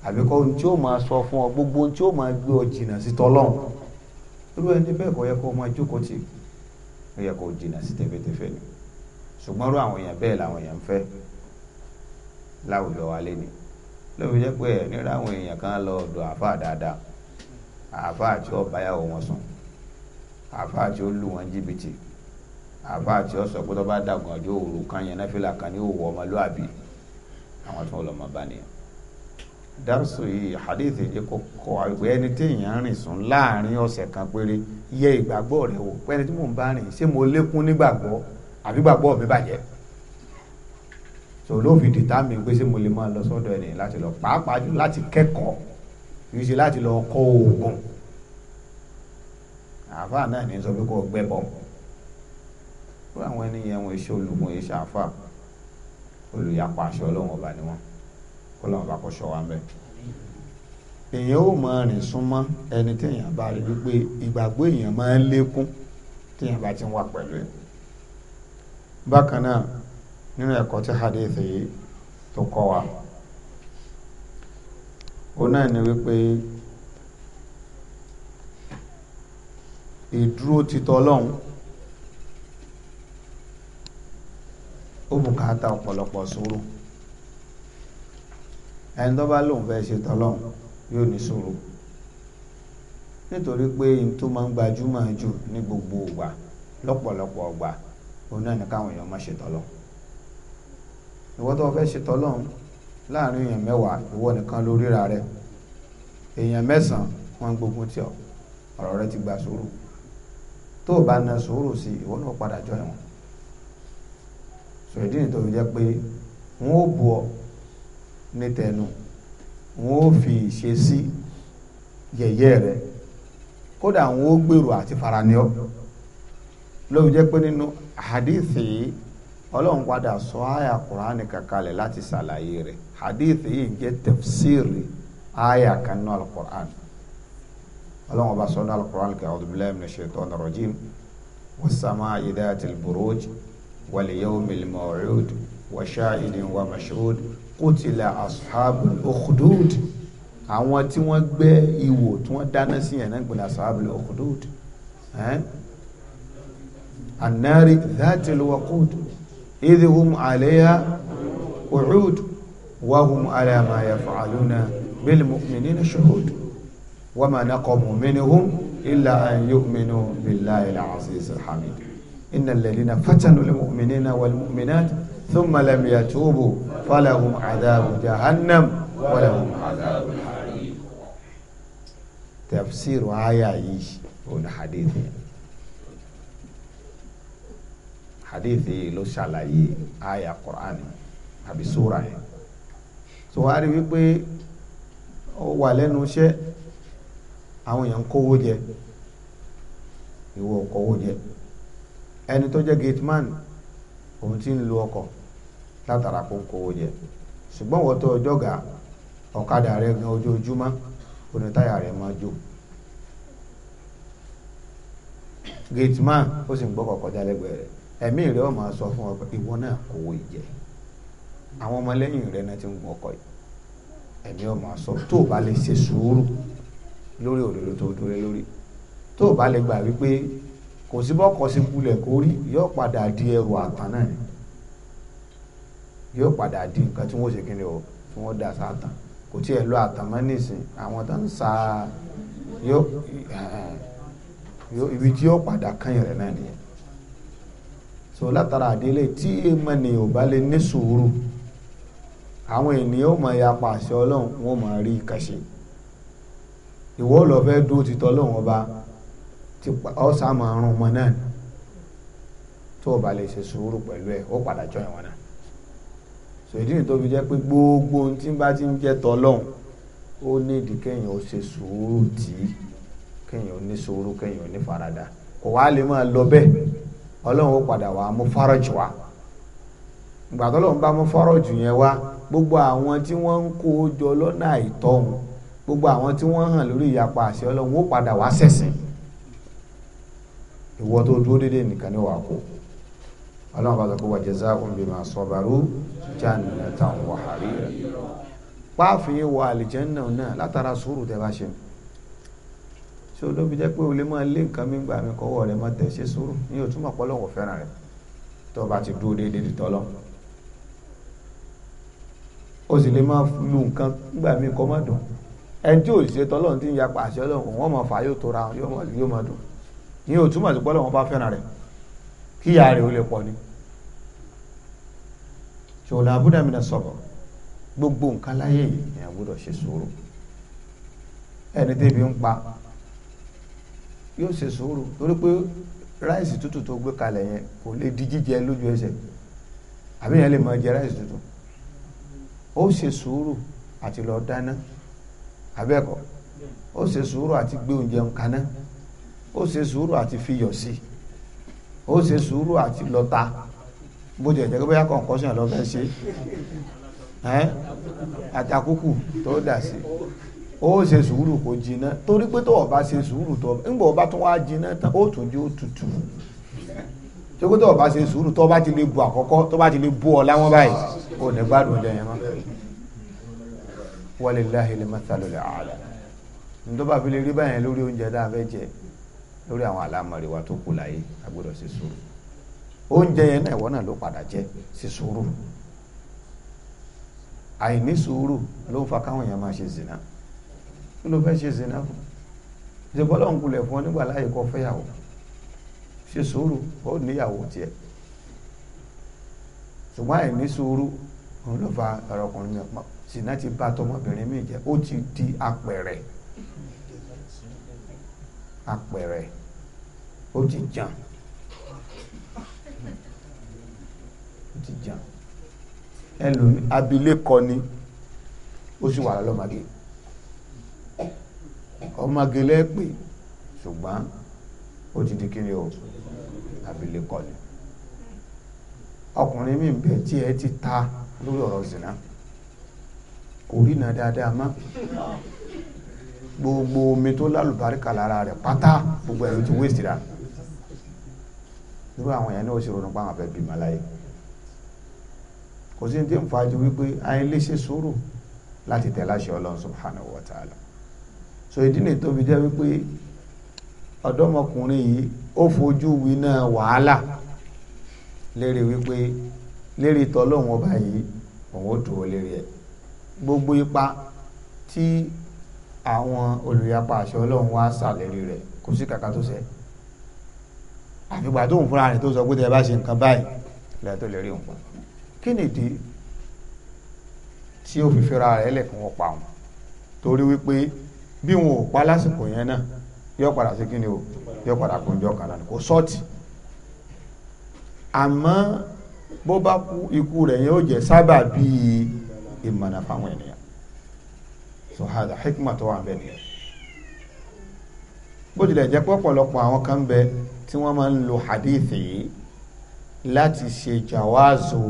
àbíkọ́ ohun tí ó máa sọ fún ọ gbogbo ohun tí ó máa gbé ọ jìnnà sí tọ́lọ́run irú ẹni bẹ́ẹ̀ kọ́ yẹ kó o máa jókòó tì ó yẹ kó jìnnà sí tẹ́fẹ́tẹ́fẹ́ ni ṣùgbọ́n rú àwọn èèyàn bẹ́ẹ̀ làwọn èèyàn ń fẹ́ láwùjọ wa lé ni lóbi jẹ́ pé ẹ̀ nírú àwọn èèyàn kan lọ ọ̀dọ̀ àáfàá dáadáa àáfàá tí ó báyàwó wọn sùn àáfàá tí ó lù wọn jìbìtì àáfàá tí ó sọ bá dàgbọ̀n ọjọ́ òru kan yẹn náfìlà kan ní òwò ọmọlúàbí àwọn tó ń lọ bá nìyẹn dárúsù yìí hadithi jẹ́ kó kọ́ àgbẹ̀ ẹni tí èèyàn rìn sùn láàrin ọ̀sẹ̀ kan péré yẹ ìgbàgbọ́ rẹ wò pẹ́ni tí mò ń bá rìn ṣé mo lékún nígbàgbọ́ àbí gbàgbọ́ mi bàjẹ́ so ló fi determine pé ṣé mo lè máa lọ sọ́dọ̀ ẹni láti lọ pàápàá jù láti kẹ́kọ̀ọ́ kì ṣe láti lọ kọ́ oògùn àáfàá náà ní sọ pé kò gbẹ́bọ̀ fún àwọn ẹni wọn iṣẹ́ olùkún yìí ṣàfà olùyàpá aṣọ ọlọ́wọ́n ọba ni wọn kó lọ́wọ́n bá kọ́ ṣọ́ wa ń èèyàn ò mọ rìn súnmọ́ ẹni téèyàn bá rí wípé ìgbàgbọ́ èèyàn máa ń lékún téèyàn bá ti wà pẹ̀lú ẹ̀ bákan náà nínú ẹ̀kọ́ tí hadith yìí tó kọ́ wa ó náà ni wípé ìdúró titọ́ ọlọ́run ó bùkátà ọ̀pọ̀lọpọ̀ sùúrù ẹni tó bá lóun fẹ́ ṣe tọ́lọ́run yóò ní sùúrù nítorí pé n tó máa ń gbajúmọ̀ jù ní gbogbo ìgbà lọ́pọ̀lọpọ̀ ìgbà òun náà ní káwọn èèyàn má ṣe tọ́lọ́ ìwọ́n tó fẹ́ ṣe tọ́lọ́ láàrin èèyàn mẹ́wàá ìwọ nìkan ló ríra rẹ èèyàn mẹ́sàn-án wọ́n gbógun tì ọ́ ọ̀rọ̀ rẹ ti gba sùúrù tó o bá na sùúrù sí ìwọ náà padà jọ ẹ̀wọ̀n sọ ìdí nìtọ́ jẹ́ pé wọ́n ó bu ọ ní tẹnu wọn ò fi ìṣesí yẹ̀yẹ́ rẹ kódà wọn ò gbèrò àti faraniọ́ lóbi jẹ́ pé nínú hadithi ọlọ́run padà sọ àyà kùránì kàkalẹ̀ láti ṣàlàyé rẹ̀ hadithi yìí jẹ́ tafsiri àyà kan náà alukùránì ọlọ́run ọba sọ́nà alukùránì kà a'udhu billahi minash shaitonir rajim was-samaa'i dhatil buruj wal yawmil maw'ud wa shahidin wa mashhud kutila ashabul ukhdud àwọn tí wọ́n gbẹ́ ìwò tí wọ́n dáná sí yẹn náà gbẹ̀lẹ̀ ashabul ukhdud annari dhatil waqud idh hum alayha uud wa hum ala ma yaf'aluna bil mu'minina shuhud wa ma naqamu minhum illa an yu'minu billahi al-aziz al-hamid fatanu lil mu'minina ثم لم يتوبوا فلهم عذاب جهنم ولهم عذاب الحريق تفسير آية هنا حديث حديث ló ṣàlàyé آية قرآن àbí súra yẹn tó wá rí wípé ó wà lẹ́nu iṣẹ́ àwọn èèyàn ń kówó jẹ ìwọ kówó jẹ ẹni tó jẹ́ gateman òun ti ń lo ọkọ̀ látara kó ń kówó jẹ ṣùgbọ́n wọ́n tó ọjọ́ ga ọ̀kadà rẹ gan ojoojúmọ́ onítáyà rẹ máa jó gateman ó sì ń gbọ́kọ̀ kọjá lẹ́gbẹ̀ẹ́ rẹ̀ ẹ̀mí rẹ̀ ó máa sọ fún ọ pé ìwọ náà kówó ìjẹ àwọn ọmọlẹ́yìn rẹ̀ náà ti ń gun ọkọ̀ yìí ẹ̀mí ó máa sọ tó o bá lè ṣe sùúrù lórí òdodo tó o dúró lórí tó o bá lè gbà wípé kò sí bọ́kọ̀ sí kulẹ̀ kó rí yóò padà di ẹrù àtàn náà ni yóò padà di nǹkan tí wọ́n ṣe kí ni o tí wọ́n dà sátàn kò tí ẹ lọ àtàmọ́ nísìn àwọn tó ń sa ibi tí yóò padà kányìn rẹ̀ náà nìyẹn so látara àdélé tí èèmọ̀nìyàn ò bá lè ní sùúrù àwọn ènìyàn ò máa yapa àṣẹ ọlọ́run wọn ò rí ìkàṣe ìwọ lọ fẹ́ dúró ti tọ́ ọlọ́run ọba ti ọ̀sà máa rún ọmọ náà tó o bá lè ṣe sùúrù pẹ̀lú ẹ̀ ó padà jọ ìwọ̀n náà sòdí ni tó fi jẹ́ pé gbogbo ohun tí bá ti ń jẹ́ tọ́lọ́hún ó nídìí kéèyàn ó ṣe sùúrù tí kéèyàn ó ní sùúrù kéèyàn ó ní faradà kò wá lè máa lọ bẹ́ẹ̀ ọlọ́run ó padà wá mú fárọ̀jù wá ìgbà tọ́lọ́run bá mú fárọ̀jù yẹn wá gbogbo àwọn tí wọ́n ń kó jọ lọ́nà àìtọ́ gbogbo àwọn tí wọ́n hàn lórí ìyapa àṣẹ ọlọ́run ó padà wá ṣẹ̀sìn ìwọ tó dúró dédé nìkan ní wàá kó ọlọ́run bá sọ pé wa jaza'um bima sabaru jannatan wa harira páàfin wọ àlìjẹ́nà náà látara sùúrù tẹ́ bá ṣe ṣé olóbi jẹ́ pé o lè máa lé nǹkan mi gbà mí kọ́wọ́ rẹ̀ máa tẹ̀ ṣe sùúrù ní òtún ọ̀pọ̀lọpọ̀ fẹ́ràn rẹ̀ tó bá ti dúró déédéé di tọ́lọ́ o sì lè máa lu nǹkan gbà mí kọ́ má dùn ẹni tí ò ṣe tọ́lọ́ ti ń yapa àṣẹ ọlọ́run wọ́n máa fà yóò tóra yóò máa dùn ní o túmọ̀ sí pé Ọlọ́run bá fẹ́ràn rẹ̀ kí ìyá rẹ̀ ó lè pọ̀ ni ṣòlá abúdá mi náà sọ̀rọ̀ gbogbo nǹkan láyé yìí ni a gbọ́dọ̀ ṣe sùúrù ẹni tẹ́bi ń pa yóò ṣe sùúrù torí pé ráìsì tútù tó gbé kalẹ̀ yẹn kò lè di jíjẹ lójú ẹsẹ̀ àbí yẹn lè máa jẹ ráìsì tútù ó ṣe sùúrù àti lọ dáná abẹ́ẹ̀kọ́ ó ṣe sùúrù àti gbé oúnjẹ ń kaná. ó ṣe sùúrù àti fiyọ̀ sí ó ṣe sùúrù àti lọ́ta bó jẹ́ jẹ́ bóyá kọ̀ǹkọ́sìn lọ fẹ́ ṣe ẹ́n àtàkùkù tó dà sí ó ṣe sùúrù kò jiná torí pé tó ọba ṣe sùúrù tó ọba ńgbọ̀ ọba tó wá jiná tán ó tún jó tutù tó pé tó ọba ṣe sùúrù tó bá ti lè bu àkọ́kọ́ tó bá ti lè bu ọ̀la wọn báyìí ní gbádùn yẹn mọ́ a'la tó bá fi lè rí báyẹn lórí oúnjẹ fẹ́ lórí àwọn àlámọ̀rí wa tó kù láyé a gbọ́dọ̀ ṣe sùúrù oúnjẹ yẹn náà ìwọ náà ló padà jẹ ṣe sùúrù àìní sùúrù ló ń fa káwọn èèyàn máa ṣe zina kí ló fẹ́ ṣe zina fún ìṣèpọ̀ lọ́n kulẹ̀ fún ọ nígbà láyé kọ́ fẹ́yàwó ṣe sùúrù ó níyàwó tiẹ̀ ṣùgbọ́n àìní sùúrù òun ló fa ọ̀rọ̀ mi zina ti bà tọmọbìnrin mi jẹ́ ó ti di apẹ̀rẹ̀ apẹ̀rẹ̀ ó ti jàn ó ti jàn ẹlòmí abilékọ ni ó sì wà lọ́mọge ọmọge lẹ́pẹ̀ ṣùgbọ́n ó ti di o abilékọ ni ọkùnrin mi bẹ tí ẹ ti ta lórí zina kò rí na dáadáa mọ́. gbogbo omi tó lálùbáríkà lára rẹ̀ pátá gbogbo ẹ̀rọ ti wéṣì rà nírú àwọn èèyàn náà ó sì ronú pa àwọn afẹ́ bímọ láyé kò sí ní tí ń fa ju wípé ayé lè ṣe sùúrù láti tẹ̀ láṣẹ ọlọ́run subhanahu wa ta'ala so ìdí nìyí tó fi jẹ́ wípé ọ̀dọ́mọkùnrin yìí ó fojú winá wàhálà lérí wípé lérí tọ́lọ́hún ọba yìí òun ó dúró lérí ẹ̀ gbogbo ipa tí àwọn olùyapa àṣẹ ọlọ́run wá sàlérí rẹ̀ kò sí kàkà tó ṣe àfìgbà tó ń fúnra rẹ̀ tó sọ pé tẹ́ ẹ bá ṣe nǹkan báyìí lẹ́yìn tó lè rí òun fún kí nìdí tí ó fi fira rẹ̀ lẹ̀ wọn pa wọn torí wípé bí wọn ò pa lásìkò yẹn náà yóò padà sí kíni o yóò padà kó njọ kan lánàá kó sọ́ọ̀tì àmọ́ bó bá kú ikú rẹ̀ yẹn ó jẹ́ sábà bíi ìmọ̀nà fáwọn ènìyàn so hada hikma tó wà bẹ́ẹ̀ nìyẹn bó tilẹ̀ jẹ́ pọ̀pọ̀lọpọ̀ àwọn kan bẹ tí wọ́n máa ń lo hadithi yìí láti ṣe jàwáàzò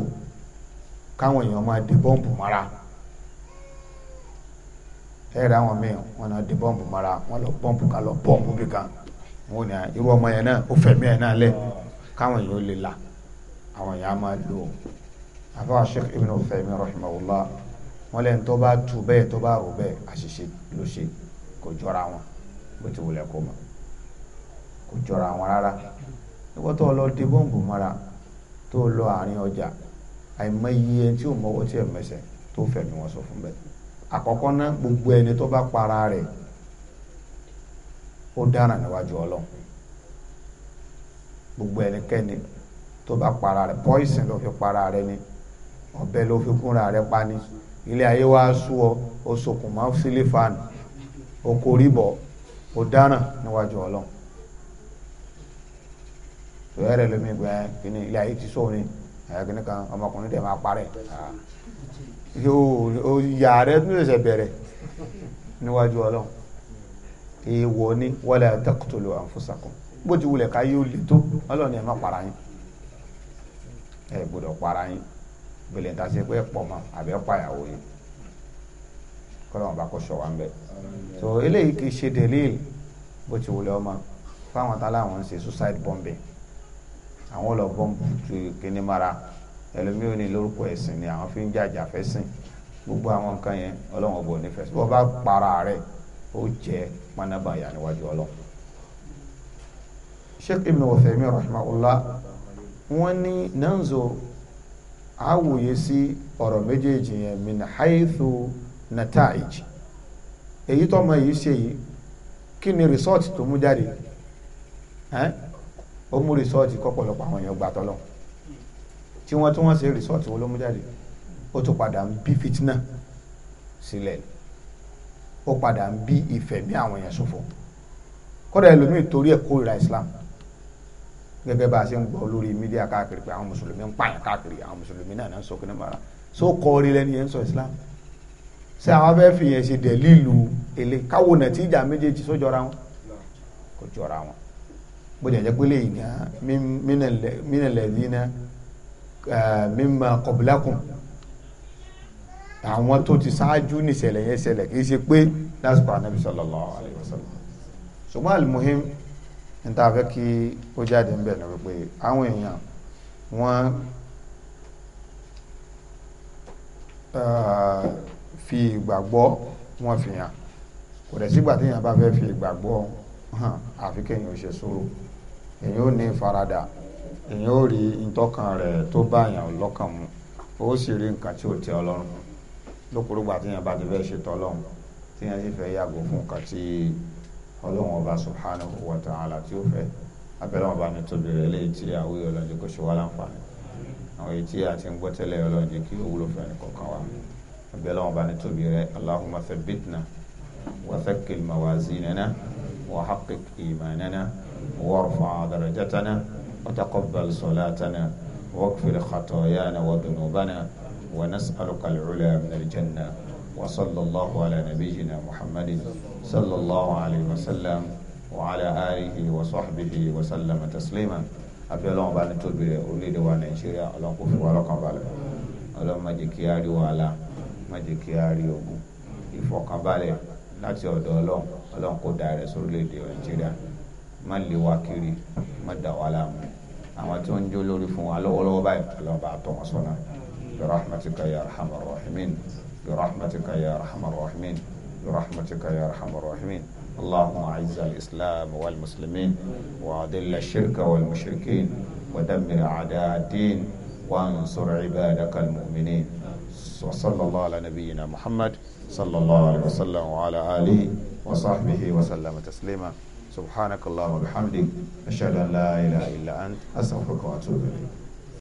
káwọn èèyàn máa di bọ́ǹbù mara ẹ̀rọ àwọn míì wọn náà di bọ́ǹbù mara wọn lọ bọ́ǹbù kan lọ bọ́ǹbù bí kan wọn ni irú ọmọ yẹn náà ó fẹ̀mí ẹ̀ náà lẹ̀ káwọn èèyàn ó lè la àwọn èèyàn máa lo àbáwá Sheikh Ibn Uthaymin rahimahullah wọ́n lẹ́nu tó bá tu bẹ́ẹ̀ tó bá rò bẹ́ẹ̀ àṣìṣe ló ṣe kò jọra wọn bó ti wulẹ̀ kó mọ̀ kò jọra wọn rárá nígbà tó lọ de bọ́ǹbù mọ́ra tó lọ àárín ọjà àìmọ̀ iye tí ò mọ́wọ́ tí ẹ̀ mẹsẹ̀ tó fẹ̀mí wọn sọ fún bẹ́ẹ̀ àkọ́kọ́ náà gbogbo ẹni tó bá para rẹ̀ ó dára níwájú ọlọ́run gbogbo ẹnikẹ́ni tó bá para rẹ̀ pọ́ìsìn ló fi para rẹ̀ ni ọ̀bẹ ló fi gúnra rẹ̀ pa ni. ilé ayé wa sú ọ o sokùn mọ́ sílé o kò o níwájú ọlọ́run tòyẹ́ rẹ̀ lómi ìgbà kíní ilé ayé ti sóhun ni kíní kan ọmọkùnrin dẹ̀ máa parẹ́ o yà rẹ̀ tún ṣẹ̀ṣẹ̀ bẹ̀rẹ̀ níwájú ni wala taqtulu anfusakum bó ti wulẹ̀ ká yóò le tó ọlọ́run ẹ̀ má para yín ẹ̀ para yín. gbèlè ń ta ṣe pé pọ̀ mọ́ àbẹ́ pàyàwó yìí kọ́lọ́wọ́n bá kó sọ wa ń bẹ̀. so eléyìí kì í ṣe delil bó ti wulẹ̀ ọmọ fáwọn tá láwọn ń ṣe suicide bombing àwọn lọ bọ́ǹbù tu kíní mara ẹlòmíràn ní lórúkọ ẹ̀sìn ni àwọn fi ń jàjà fẹ́ sìn gbogbo àwọn nǹkan yẹn ọlọ́wọ́n ọbọ̀ nífẹ̀ẹ́ sí bọ́ bá para rẹ̀ ó jẹ́ pánábàyà níwájú ọlọ́wọ́. Sheikh Ibn Uthaymeen rahimahullah wọ́n ní nanzo a wòye sí ọ̀rọ̀ méjèèjì yẹn min haithu nataij èyí tọ́mọ yìí ṣe yìí kí ni rìsọ́ọ̀tì tó mú jáde ó mú rìsọ́ọ̀tì kọ́pọ̀lọpọ̀ àwọn èèyàn gbàtọ́ lọ tí wọ́n tí wọ́n ṣe rìsọ́ọ̀tì wọn ló mú jáde ó tún padà ń bí fitna sílẹ̀ ó padà ń bí ìfẹ̀mí àwọn èèyàn ṣòfò kódà ẹlòmíì torí ẹ̀ kórìíra Islam gẹ́gẹ́ bá a ṣe ń gbọ́ lórí mídíà káàkiri pé àwọn mùsùlùmí ń pààyàn káàkiri àwọn mùsùlùmí náà ń sọ kí ní mara so kọ́ọ̀rí lẹ́ni yẹn ń sọ islam ṣé àwọn afẹ́ fi yẹn ṣe dẹ̀ lílu èlé káwọn nàtíjà méjèèjì sọ jọra wọn kò jọra wọn bó jẹ́ jẹ́ pélé yìí gan mínàlẹ́dínà mímọ kọ̀bùlákùn àwọn tó ti ṣáájú níṣẹ̀lẹ̀ yẹn ṣẹlẹ̀ kì í ṣe pé lásìkò ànábì sallallahu alaihi wasallam ṣùgbọ́n àlùmọ́hìn níta fẹ́ kí ó jáde ńbẹ̀ ni wípé àwọn èèyàn wọ́n ah, fi ìgbàgbọ́ wọn fi hàn kò dẹ̀ sígbà tí èèyàn bá fẹ́ fi ìgbàgbọ́ hàn àfi kéèyàn ò ṣe sùúrù èèyàn ò ní ìfaradà èèyàn ò rí ìtọ́kàn rẹ̀ tó bá èèyàn lọ́kàn mu ó sì rí nǹkan tí ò tẹ́ ọlọ́run lókùrúgbà tí èèyàn bá ti fẹ́ ṣètọ́ ọlọ́run tí èèyàn sì fẹ́ yàgò fún nǹkan tí ọlọ́run ọba subhanahu wa ta'ala tí ó fẹ́ abẹ́rẹ́ ọba ní tóbi rẹ̀ léyìí tí àwọn èèyàn ọlọ́run jẹ́ kó ṣe wá láǹfààní àwọn èyí tí a ti ń gbọ́ ọlọ́run jẹ́ kí òwúlò fẹ́ ní kọ̀ọ̀kan wa abẹ́rẹ́ ọba ní tóbi rẹ̀ allahumma thabbitna wa thaqqil mawazinana wa haqqiq imanana warfa' darajatana wa taqabbal salatana واغفر خطايانا وذنوبنا ونسألك العلا من الجنة وصلى الله صلى الله عليه وسلم وعلى آله وصحبه وسلم تسليما àfi ọlọ́run bá ní tóbi rẹ̀ orílẹ̀-èdè wa nàìjíríà ọlọ́run kò fi wá lọ́kàn balẹ̀ ọlọ́run má jẹ́ kí a rí wàhálà má jẹ́ kí a rí ogun ìfọkànbalẹ̀ láti ọ̀dọ̀ ọlọ́run ọlọ́run kò da rẹ̀ sórílẹ̀-èdè nàìjíríà má lé wa kiri má dà wá láàmú àwọn tí wọ́n ń jó lórí fún wa lọ́wọ́lọ́wọ́ báyìí ọlọ́run bá tọ́ wọn sọ́nà bi rahmatika ya arhamar rahimin bi rahmatika ya arhamar rahimin. برحمتك يا أرحم الراحمين اللهم أعز الإسلام والمسلمين وأذل الشرك والمشركين ودمر أعداء الدين وانصر عبادك المؤمنين وصلى الله على نبينا محمد صلى الله عليه وسلم وعلى آله وصحبه وسلم تسليما سبحانك اللهم وبحمدك أشهد أن لا إله إلا أنت أستغفرك وأتوب إليك